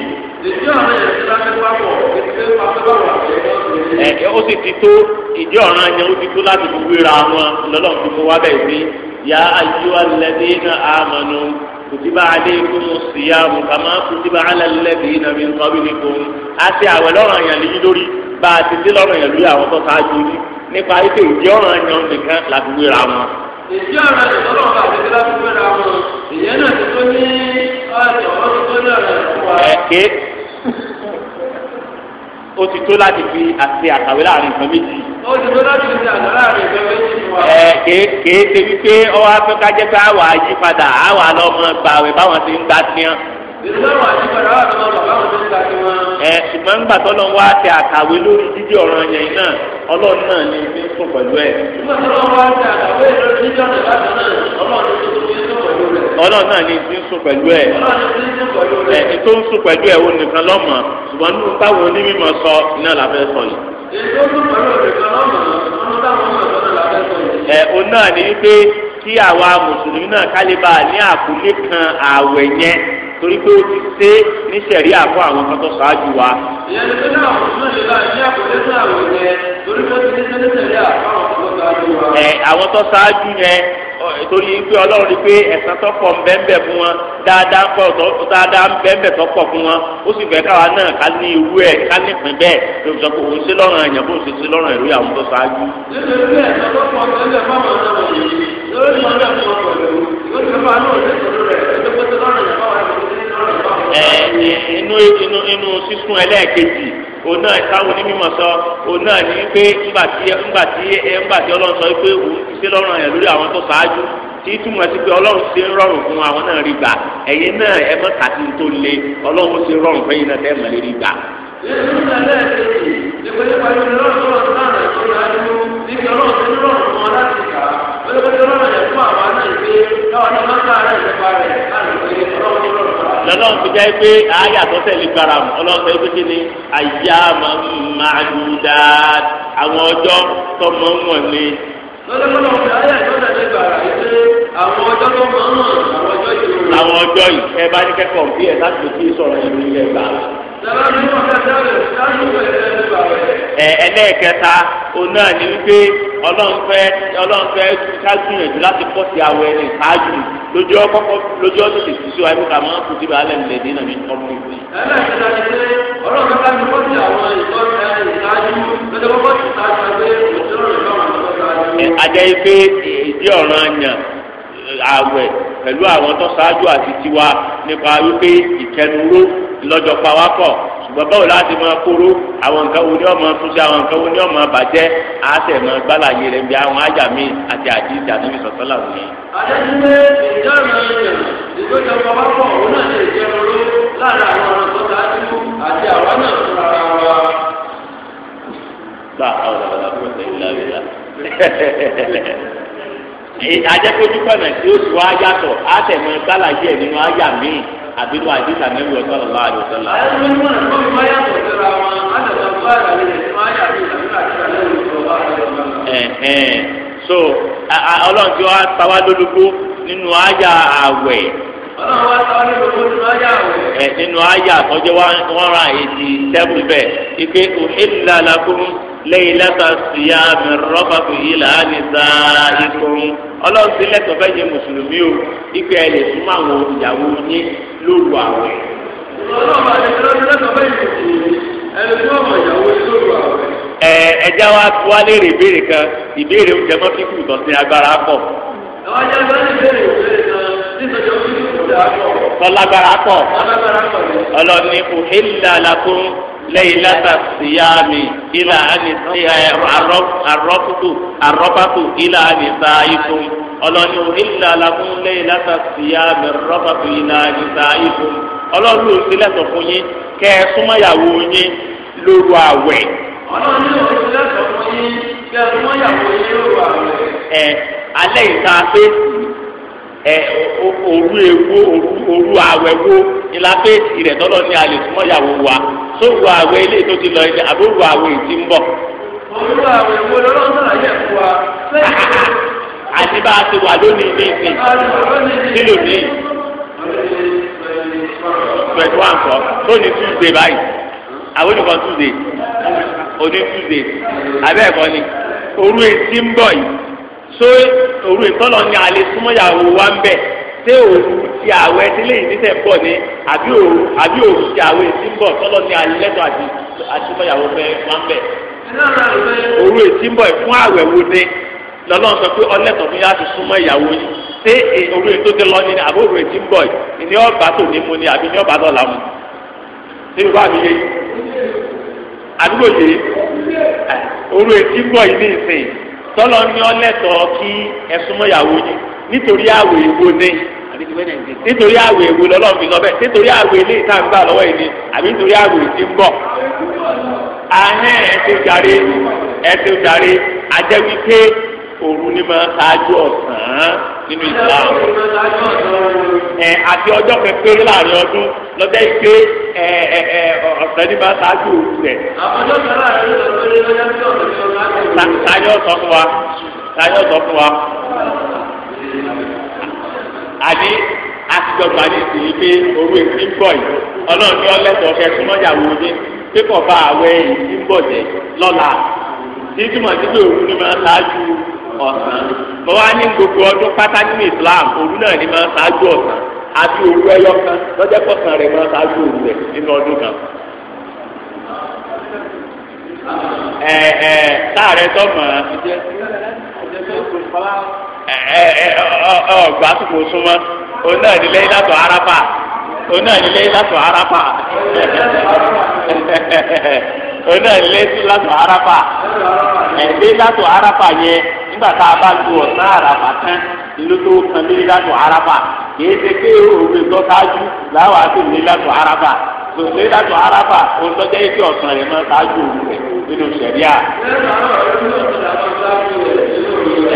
ìdí ọ̀ràn ẹnìkan láti papọ̀ kìí ti pé ńpa tóo ni àwẹ̀ ń gún sí rí. ẹ̀ ó sì ti tó ìdí ọ̀ràn yẹn ó ti tó láti fi wéra wọn lọ́lọ́ fi fún wa bẹ́ẹ̀ sí yá ayyuha alladhina amanu kutiba alaykumu siyamu kama kutiba ala alladhina min qablikum àti àwẹ̀ lọ́ràn yẹn lórí lórí bá a ti dé lọ́ràn yẹn lórí èyí ọ̀rọ̀ ẹ̀ tó lọ́wọ́ àti ìdílé tó fẹ́ra wọn ìyẹn náà ti tó ní ọ̀rọ̀ ọ̀rọ̀ tó ní ọ̀rọ̀ ẹ̀ wá. ẹ̀kẹ́ ó ti tó láti fi àti àkàwé láàrin nǹkan méjì. ó ti tó láti fi àkàwé láàrin nǹkan méjì wa. ẹ kèé ṣe wípé ọwọ́ afẹ́kájẹ́ pé àwa yí padà àwa gbàwé báwọn ti ń gbà tiẹ́ ẹ ṣùgbọ́n ń gbà tọ́lọ́ wá tẹ àkàwé lórí dídí ọ̀ràn yẹn náà ọlọ́run náà ni fi ń sùn pẹ̀lú ẹ̀. ọlọ́run náà ni fi ń sùn pẹ̀lú ẹ̀. ẹ tó ń sùn pẹ̀lú ẹ̀ o nìkan lọ́mọ ṣùgbọ́n nínú táwọn onímọ̀ sọ iná la fẹ́ sọ yìí. ètò ń sùn pẹ̀lú ẹ̀ nìkan lọ́mọ ṣùgbọ́n táwọn onímọ̀ sọ la fẹ́ sọ yìí. ẹ òun náà ni wípé kí àwa mùsùlùmí náà kálíbà ní àkúlé kan ààwẹ̀ yẹn torí pé ó ti ṣe ní sẹ̀rí àfọ àwọn kan tó ṣáájú wa. ìyẹn tó náà kò tún lè bá ìdí àkọsílẹ̀ sí àwọn ìyẹn torí pé ó ti ṣe ní sẹ̀rí àfọ àwọn kan tó ṣáájú wa. ẹ àwọn tó ṣáájú yẹn torí pé ọlọ́run rí pé ẹ̀san tó pọ̀ ńbẹ́ńbẹ́ fún wọn dáadáa pọ̀ tó dáadáa ńbẹ́ńbẹ́ tó pọ̀ fún wọn ó sì fẹ́ káwa náà ká ní irú ẹ̀ ká ní ìpín bẹ́ẹ̀ ló sọ pé òun ṣe lọ́rùn ẹ̀yàn bó ń lọ́rùn ẹ̀rú àwọn tó ṣáájú. nítorí pé tó pọ̀ ńbẹ́ńbẹ́ fáwọn ọ̀dọ́ wọ̀nyí lórí ìmọ̀lẹ́ ọ̀pọ̀lọpọ̀ lòun ìwé ìjọba ẹ eh, inú inú inú sísun ẹlẹ́ẹ̀kejì òun náà táwọn onímọ̀ sọ òun náà ní pé ńgbà tí eh, ọlọ́run sọ pé òun ti ṣe lọ́rùn yẹn lórí àwọn tó ṣáájú tí túmọ̀ sí pé ọlọ́run ṣe ń rọrùn fún àwọn náà rí gbà ẹ̀yin náà ẹ kàtí tó le ọlọ́run ṣe rọrùn fún ẹ̀yin náà tẹ́ mọ̀lẹ́ rí lọ́lọ́run ti jẹ́ pé àyà tó tẹ̀lé gbára mu ọlọ́run tẹ̀lé pé kí ni àyà máa ń dáa àwọn ọjọ́ tó mọ̀ ń wọ̀n ni. lọ́lọ́run ti àyà tó tẹ̀lé gbára yìí pé àwọn ọjọ́ tó mọ̀ ń wọ̀n àwọn ọjọ́ yìí. àwọn ọjọ́ yìí ẹ bá ní kẹ́kọ̀ọ́ bí ẹ láti lè fi sọ̀rọ̀ ìlú ilẹ̀ gbàrà ẹ ẹlẹ́ẹ̀kẹta òun náà ni wípé ọlọ́run fẹ́ ọlọ́run fẹ́ kájúyànjú láti pọ̀ sí awọ ẹni ṣáájú lójú ọkọ̀kọ̀ lójú ọdún lè sísú ayé ká máa ń kú síbi alẹ́ nílẹ̀ nínú mi kọ́ mi. ẹlẹ́ẹ̀kẹta ni pé ọlọ́run fẹ́ kájú pọ̀ sí àwọn ìtọ́jú ẹni ṣáájú lọ́jọ́ pọ̀ sí ṣáájú ẹgbẹ́ òṣèlú ìjọba àjẹ́ ife ìdí ọ̀ràn àyàn àwẹ̀ pẹ̀lú àwọn tó ṣáájú àti tiwa nípa wípé ìkẹnuró lọ́jọ́ pa wá pọ̀ ṣùgbọ́n báwo láti máa kóró àwọn nǹkan wo ni ọmọ túnṣe àwọn nǹkan wo ni ọmọ bàjẹ́ àtẹ̀ mọ́ gbàlàyé rẹ̀ bí àwọn àjà mi àti àti ìjà níbi sọ̀tọ́ làwọn yìí. àdéhùn ìjà mi ìgbésẹ̀ pa wá pọ̀ òun náà lè jẹ́ oró láàárín àwọn ọ̀rọ̀ tó dájú àti àwa náà fúnra wa. gbà ọ̀rọ̀ ọ̀rọ̀ kò tẹ̀ ìlàwìlà àjẹkójú pẹ̀lẹ́ tí ó sì wá yàtọ̀ àtẹ̀mọ́ gbàlàyé ẹ̀ nínú àyà míì àbínú àdìsá nẹ́bí ọ̀sán lọ́la àdìsán lọ́la. ẹni mú ẹ̀ fún mi báyà tó ṣe ra wọn àdàbà bá àgbà lè ṣe máa yà bí ìlànà àdìsá lẹ́yìn ìṣòro so ọlọ́run tí wàá ta wá lólobó nínú àyà àwẹ̀. ọlọ́run wá ta wá lólobó nínú àyà àwẹ̀. ẹ nínú àyà àtọ́jọ́ wọn ra èsì sẹ́fù bẹ́ẹ̀ ike òhèlélá làkúrú. laylata siyami rọ́bàkù yìí làánì sáà ikùn ọlọ́run sí lẹ́tọ̀ fẹ́ yẹ mùsùlùmí o ipe ẹ lè súnmọ́ àwọn ìyàwó yín lóru àwẹ̀. ọlọ́run àti ìlọrin lẹ́tọ̀ fẹ́ yẹ mùsùlùmí ẹ lè súnmọ́ àwọn ìyàwó yín lóru àwẹ̀. ẹ ẹja tó wá léèrè ìbéèrè kan ìbéèrè oúnjẹ mọ́ kíkù ìtọ́sí agbára pọ̀. àwọn ajá ló béèrè ìbéèrè kan agbára laylata siyami ilà àní arọ́pùtù arọ́pàtù ilà àní sáyìkùn ọlọ́ni ilà làkún laylata siyami arọ́pàtù ilà àní sáyìkùn ọlọ́ni ló ti lẹ́tọ̀ fún yín kẹ́ ẹ súnmọ́yàwó yín lóru àwẹ̀. ọlọ́ni ló ti lẹ́tọ̀ fún yín kẹ́ ẹ súnmọ́yàwó yín lóru àwẹ̀. ẹ alẹ́ ìta fèsì ẹ òru ewu òru àwẹ̀ wo ìlà fèsì rẹ̀ tọ́lọ́ ní alẹ́ súnmọ́yàwó wa tó wu àwọn eléyìí tó ti lọ ẹni àbí wu àwọn èyí tí ń bọ̀. olú àwọn èwo lọ́wọ́ sọ̀rọ̀ yẹ fún wa. àti bá a ti wà lónìí ní ìsìn nílò ní twenty one kọ tó ní tuesday báyìí àwọn oníkan tuesday oní tuesday abẹ́ ẹ̀kọ́ ni òru èyí ń bọ̀ yìí só òru ìtọ́lọ́ ní alẹ́ súnmọ́ yàrá wa ń bẹ̀ ṣé òru ti àwẹ̀ sílé yìí nísẹ̀ pọ̀ ni àbí òru àbí òru ti àwẹ̀ sí ń bọ̀ tọ́lọ́ ní alẹ́tọ̀ àti àtìmọ̀yàwó fẹ́ wọn bẹ̀. òru èsì ń bọ̀ fún àwẹ̀ wo ni lọ́lọ́run sọ pé ọlẹ́tọ̀ fún yàtọ̀ súnmọ́ ìyàwó yìí ṣé òru ètò tẹ lọ́ọ́ ni àbí òru èsì ń bọ̀ ni ọba tò ní mu ni àbí ni ọba dọ̀là mu ṣé yorùbá mi yé àdúgbò yìí òru èsì ń bọ̀ yìí ní ìsìn tọ́lọ́ ní ọlẹ́tọ̀ kí ẹ̀sùnmọ́ ìyàwó yìí nítorí àwẹ̀ èwo ni nítorí àwẹ̀ èwo lọ́lọ́run fi lọ bẹ́ẹ̀ nítorí àwẹ̀ ilé ìta ń gbà lọ́wọ́ yìí ni àbí nítorí àwẹ̀ ti ń bọ̀. ahẹ́ ẹ̀sìn jàre ẹ̀sìn jàre àjẹwíké òru ni máa ń ṣáájú ọ̀sán nínú Islam. ẹ àti ọjọ́ kékeré láàrin ọdún lọ́jọ́ ìgbé ẹ ẹ ẹ ọ̀sán ni máa ń ṣáájú òru rẹ̀. àwọn ọjọ́ kan láàrin ọdún lọ́jọ́ ìgbé ọ̀sán ni máa ń ṣáájú òru rẹ̀. a ní ìsìn pé owó èsì ń bọ̀ yìí ọlọ́run ní ní pépọ̀ bá àwẹ̀ èsì ń bọ̀ jẹ́ lọ́la títúmọ̀ ni máa ń ṣáájú ọ̀sán mo wá ní gbogbo ọdún pátá nínú Islam òru náà ni máa ń ṣáájú ọ̀sán àti òru ẹyọ kan lọ́jọ́ kọ̀ọ̀kan rẹ̀ máa ń ọgbà tó kò súnmọ́ òun náà ní Laylatul Arafa òun náà ní Laylatul Arafa òun náà nígbà tá a bá lu ọ̀sán àràfà tán ló tó kan Laylatul Arafa kìí ṣe pé òwe tó ṣáájú òun tó jẹ́ ife ọ̀sán rẹ̀ ṣáájú rẹ̀ nínú sẹ̀ríà.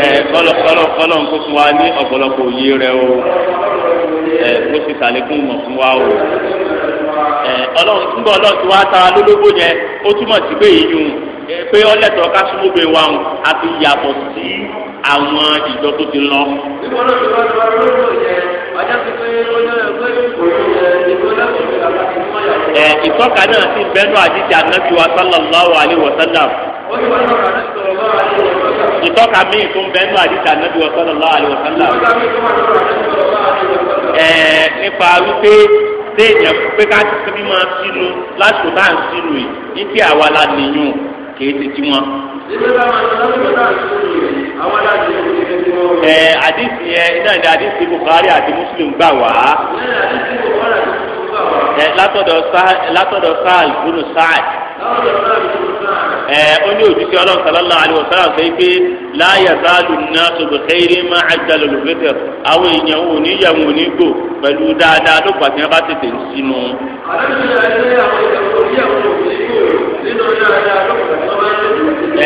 ẹ kọlọ kọlọ kọlọ ń kó fún wa ní ọ̀pọ̀lọpọ̀ òye rẹ o ẹ kó sì sàlékún mọ̀ fún wa o ẹ ọlọ́run túbọ̀ ọlọ́run ti wá tara lólógbò yẹn ó túmọ̀ sí pé èyí ń pé ọlẹ́tọ̀ ká súnmọ́ bẹ wa ń a fi yàtọ̀ sí àwọn ìjọ tó ti lọ. ìfọ̀nà ìfọ̀nà ìfọ̀nà lólógbò yẹn ọjọ́ ti pé ó yẹ ẹgbẹ́ ìfòyín yẹn ìtọ́ka náà sì bẹ́ẹ̀ náà àdìsí ànábì wa sallallahu alayhi wa sallam. ó ti wá ní ọ̀rọ̀ àti sọ̀rọ̀ ìtọ́ka míì tó ń bẹ nínú àdìsá nàbí sallallahu alaihi wasallam. ẹ̀ẹ́ nípa wípé téèyàn pé ká ti fi máa sínú lásìkò tá à ń sínú yìí ní kí àwa la nìyún kì í ti ti wọn. ẹ àdìsí yẹn náà àdìsí àti Muslim gbà wá. ẹ látọ̀dọ̀ sáàl gbónú ẹ ó ní òjúṣe ọlọ́run sàlálà àlùwọ̀sára sọ pé láàyè sáàlù náà sọ̀bù xeyìrì má àjálù lùfẹ́tẹ̀ àwọn èèyàn wò ní yẹ̀wò ní gbò pẹ̀lú dáadáa ló pàṣẹ bá tètè ń sinú.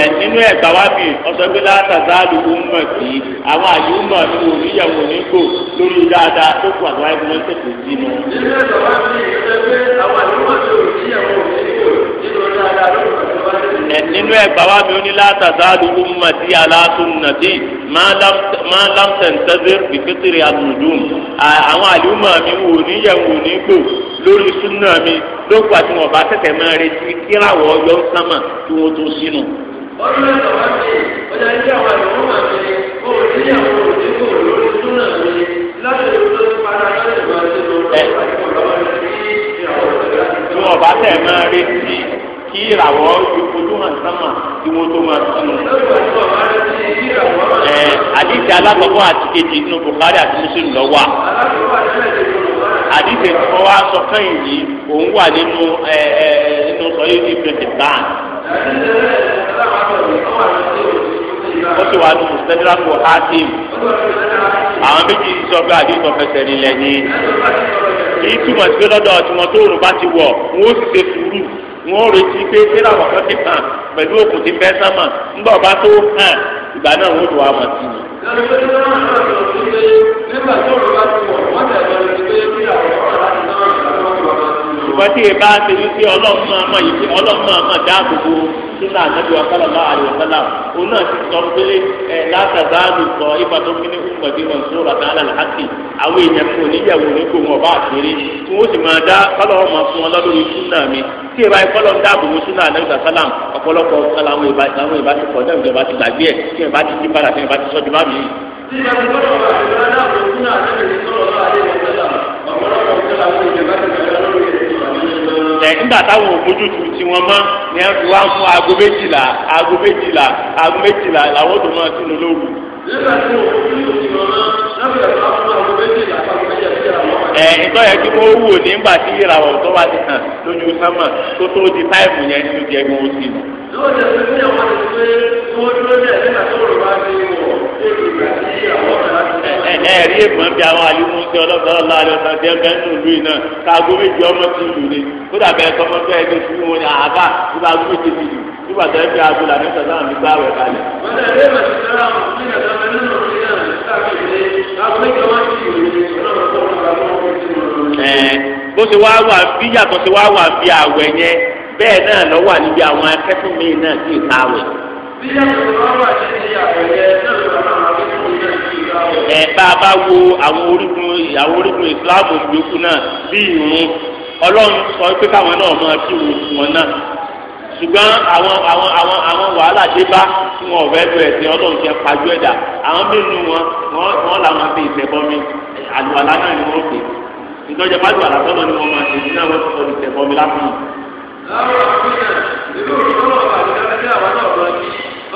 ẹ nínú ẹgbà wá bì ọsọ pé láàtà sáàlù ọmọ kì í àwọn àyè ọmọ mi wò ní yẹ̀wò ní gbò lórí dáadáa ló pàṣẹ bá tètè ń sinú. nínú ẹgbà wá bì ọsọ pé àwọn àyè ọmọ mi wò ní yẹ̀wò ní gbò nínú ẹgbà wa mi ó ní látàzáàlú ummati ala sunnati máa lámtẹ̀ntẹ́sẹ̀ bìkítìrì àlùdùn àwọn àlùmọ̀ mi wò níyẹ̀wò nígbò lórí súnà mi lókù àti wọn bá tẹ̀tẹ̀ máa retí kíláwọ̀ ọyọ́ sámà kí wọ́n tó sínú. ọdún mẹ́ta wá sí ọjà ilé àwọn àlùmọ̀ mi kò níyẹ̀wò nígbò lórí súnà mi láti lè tó padà láti máa ṣe lọ́wọ́ ni wọn bá tẹ̀ máa retí kí ìràwọ̀ ojú hàn sánmà kí wọ́n tó máa sùn. ẹ àdìsí alákọ̀ọ́kọ́ àti kejì nínú Bukhari àti Muslim lọ wà. àdìsí ìfọwọ́ wa sọ kẹ́yìn yìí òun wà nínú ẹ ẹ nínú sọyún ní twenty nine. ó ti wà nínú federal court hakim àwọn méjì sọ pé àdìsí ọ̀fẹ́sẹ̀ nílẹ̀ ní. èyí túmọ̀ sí pé lọ́dọ̀ tí wọ́n tó bá ti wọ̀ wọ́n ó sì ṣe sùúrù wọ́n ó retí pé sílẹ̀ àwọ̀kọ́ ti pẹ̀lú òkú ti bẹ́ sámà ńgbà ọba tó hàn ìgbà náà wọ́n tó wà sí i. ṣùgbọ́n tí dáàbò bò sínú ànábi wa sálàmà àlùwà sálàm òun náà ti sọ pé ẹ látàzáàlù sọ ibà tó kí ní ummadi mansura ta'ala al-haqi àwọn èèyàn kò níyàwó nígbò wọn bá àṣírí tí wọn sì máa dá kọlọwọ máa fún wọn lọdún ikú náà mi tí ìbá ìkọlọ ń dáàbò wọn sínú ànábi sàlàm ọ̀pọ̀lọpọ̀ àwọn ìbá ti ìbá ti yí padà tí ẹ nígbà táwọn òbójútu tí wọ́n mọ́ ni ẹ fi wá mú aago méjìlá aago méjìlá aago méjìlá làwọn tó máa sínú lóru. nígbà tí wọn òbójútu tí wọ́n mọ́ lábẹ́ àwọn aago méjìlá aago ẹ ìtọ́ yẹ kí wọ́n wò nígbà tí ìràwọ̀ tó bá ti hàn lójú sámà tó tó di táìmù yẹn ní ojú ẹgbẹ́ wọn sí. lóòjẹ́ fún mi àwọn àti pé wọ́n dúró ní ẹ̀ ẹ rí èèmọ̀ bí àwọn àlùmọ́ tí ọlọ́sọ̀rọ̀ láàrin ọ̀sán tí ẹ bẹ́ẹ̀ nù lù iná káàgó méjì ọmọ ti lù ní kódà bẹ́ẹ̀ tọmọ bẹ́ẹ̀ ní oṣù wọn ni àbá tí bá gbé ti lù nígbà tó ẹ fi aago là ní sọ̀tàn mi gbá wẹ̀ balẹ̀. wọ́n náà lè mọ̀ sí sọ́ra àwọn ọmọ nígbà tó ẹ nínú orí náà ní sáà kéde aago méjì ọmọ ti lù ní bó ṣe wá wà bí yàtọ̀ ṣe wá wà bí àwẹ̀ yẹn bẹ́ẹ̀ náà lọ wà níbi àwọn akẹ́kọ̀ọ́ mi náà sì káwẹ̀ ẹ bá a bá wo àwọn orígun àwọn orígun ìsìláàmù yòókù náà bí ìrun ọlọ́run sọ pé káwọn náà máa fi wò wọn náà ṣùgbọ́n àwọn àwọn àwọn àwọn wàhálà dé bá tí wọn ọ̀fẹ́ lu ẹ̀sìn ọlọ́run jẹ́ pajú ẹ̀dá àwọn mélòó wọn wọn wọn làwọn fi ìtẹ̀bọ́ mi àlùwàlá náà ni wọ́n fi ìtọ́jà bá àlùwàlá tọ́lọ́ ni wọ́n máa ṣe ní náà wọ́n ti sọ ìtẹ̀bọ́ mi lásán. láwọn àfihàn nínú ìtọ́wọ̀ àti ẹgbẹ́ àwọn náà lọ sí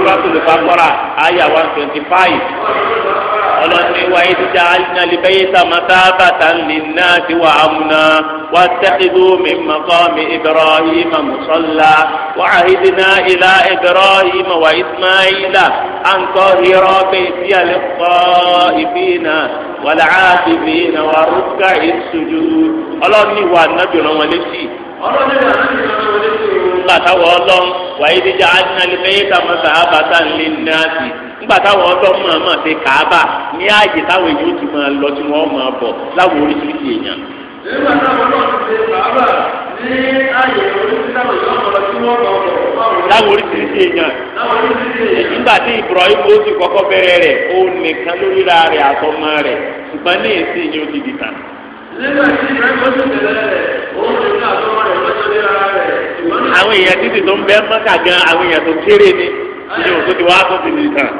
suratul Baqara àyà one twenty five ọlọ́ni wa ìdíjà alina libẹ́yìíta mọ́tàbà tàǹlì náà ti wà ámúná wà tẹ́kìdú mi mọ́kànmi ibrahima musalla wà áhìdínà ilà ibrahima wà ismaila àǹkọ́ hírọ́ bẹ́ẹ̀ tí a lè kọ́ ìbínà wàlá àbìbínà wà rúkà ìṣojú ọlọ́ni wa nàbìrán wọn létí. ọlọ́ni wa nàbìrán wọn létí. bàtà wọ ọlọ́run. wàyí dídá adínálẹ́bẹ́yẹ́ta mọ́sàábà tá ń lé náàtì nígbà táwọn ọ̀dọ́ mọ̀ọ́mọ̀ ní ààyè táwọn èèyàn ti máa lọ tí wọ́n máa bọ̀ láwọn oríṣiríṣi èèyàn. nígbà táwọn náà ti ṣe kàábà ní ààyè oríṣiríṣi táwọn èèyàn máa lọ tí máa láwọn oríṣiríṣi èèyàn. nígbà tí Ibrahim ó ti kọ́kọ́ bẹ̀rẹ̀ rẹ̀ ó nìkan rẹ̀ rẹ̀ ṣùgbọ́n àwọn èèyàn títì tó ń bẹ mọ́kà gan àwọn èèyàn tó kéré ni ìdí ti wá tó ti àwọn èèyàn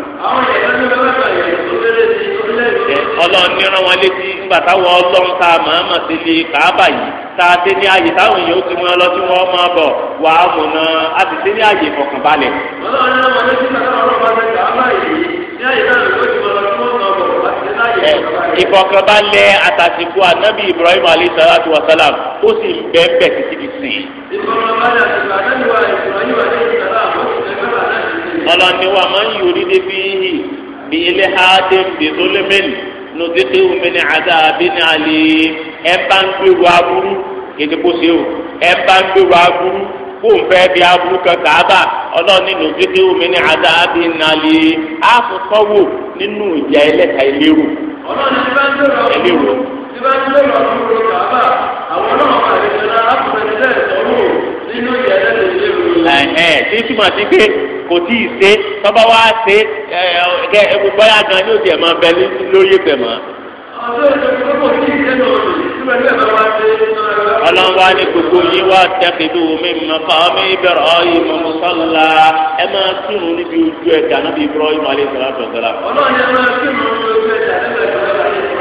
ọlọ́run ní létí nígbà táwọn ọlọ́run sí ilé kàábà yìí tá dé ní ààyè táwọn èèyàn ó ti mú ọ lọ máa bọ̀ wà á náà ti dé ní ààyè ọlọ́run ní ìfọ̀kànbalẹ̀ àtàsìkò ànábì ibrahim alayhi salatu wa salam ó sì ń bẹ bẹ títí di sí i. ọlọ́ni wa máa ń yòrí débi yìí bí ilé ha dé bí zolemeni nùdíkì omini àdá abíní àlè ẹ bá ń gbèrò aburú kí ni kò ẹ bá ń gbèrò aburú. kó n fẹ́ bí aburú kankan àbá ọlọ́run nínú gbígbé omi ní adá bí nàlẹ́ àfọ̀tọ́wò nínú ìyá ẹlẹ́ta ìlérò. ọlọ́run ti bá ń lò lọ́wọ́ ìlérò ti bá ń lò lọ́wọ́ ìlérò kàbá àwọn ọlọ́run àlejò náà àfọ̀tẹ́lẹ̀ sọ̀rọ̀ nínú ìyá ẹlẹ́ta ìlérò. ẹ̀hẹ́n tí túmọ̀ sí pé kò ọlọ́run wá ní gbogbo yìí wá tẹ́kìdú mi maqami Ibrahim musalla ẹ máa kírun níbi ojú ẹ̀dá níbi Ibrahim alayhi salatu wa salam. ọlọ́run yẹn máa kírun níbi ojú ẹ̀dá níbi Ibrahim.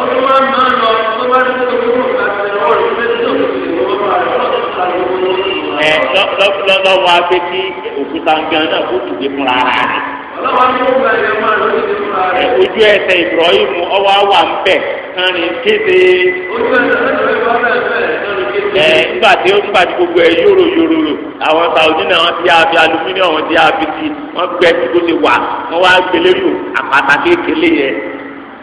ọdún máa ń máa ń lọ tó bá ti tó kúrò láti ọwọ́ rẹ̀ fẹ́ tó ẹ lọ́wọ́ wa pé kí òkúta gan náà kó dìde fúnra rẹ̀. ojú ẹsẹ̀ Ibrahim ọwọ́ wà ń bẹ̀ kárin kéde. ẹ nígbà tí ó nígbà tí gbogbo ẹ yòrò yòrò rò àwọn Saudi náà wọ́n ti yá fi alumíníọ̀ wọ́n ti yá fi ti wọ́n gbẹ́ tí kò ti wà wọ́n wá gbélé lò àpáta kékeré yẹn.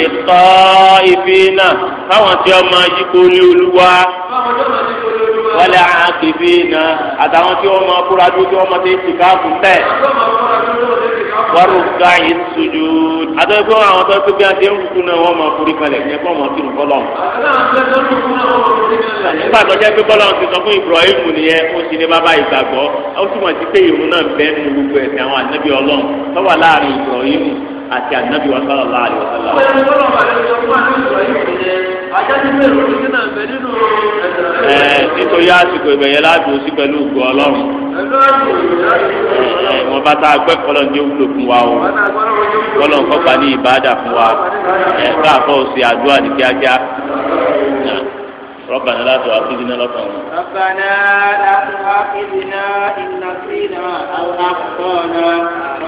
lè tọ́ ìfín náà káwọn tí ọmọ yípo ní ní olúwa wọlé àkìbí iná àtàwọn tí wọn máa kúra dúró tí wọn máa ti ti káàkùn tẹ wárúgà yìí sojú àtàwọn tí wọn àwọn tó ti gbé àti ẹnukú náà wọn máa forí kalẹ̀ ní ẹ̀kọ́ wọn kírun bọlọ. nígbà tó jẹ́ pé bọ́lá ti sọ fún Ibrahim nìyẹn ó sì ní bàbá ìgbàgbọ́ ó túmọ̀ sí pé ìrun náà bẹ́ẹ̀ nínú gbogbo ẹ̀sìn àwọn ànábì Ọlọ́run tó wà láàrin Ibrahim àti ànábì wa sallallahu alaihi wasallam ẹ nítorí àsìkò ìbẹ̀yẹ láti òsì pẹ̀lú ògùn ọlọ́run ẹ wọn bá tá a gbẹ́ kọ́lọ̀ ní òwúlò fún wa o kọ́lọ̀ kọ́pa ní ìbáàdà fún wa ẹ bá a fọ́ ṣe àdúrà ní kíákíá ربنا لا تؤاخذنا لطنا ربنا لا تؤاخذنا إن نسينا أو أخطأنا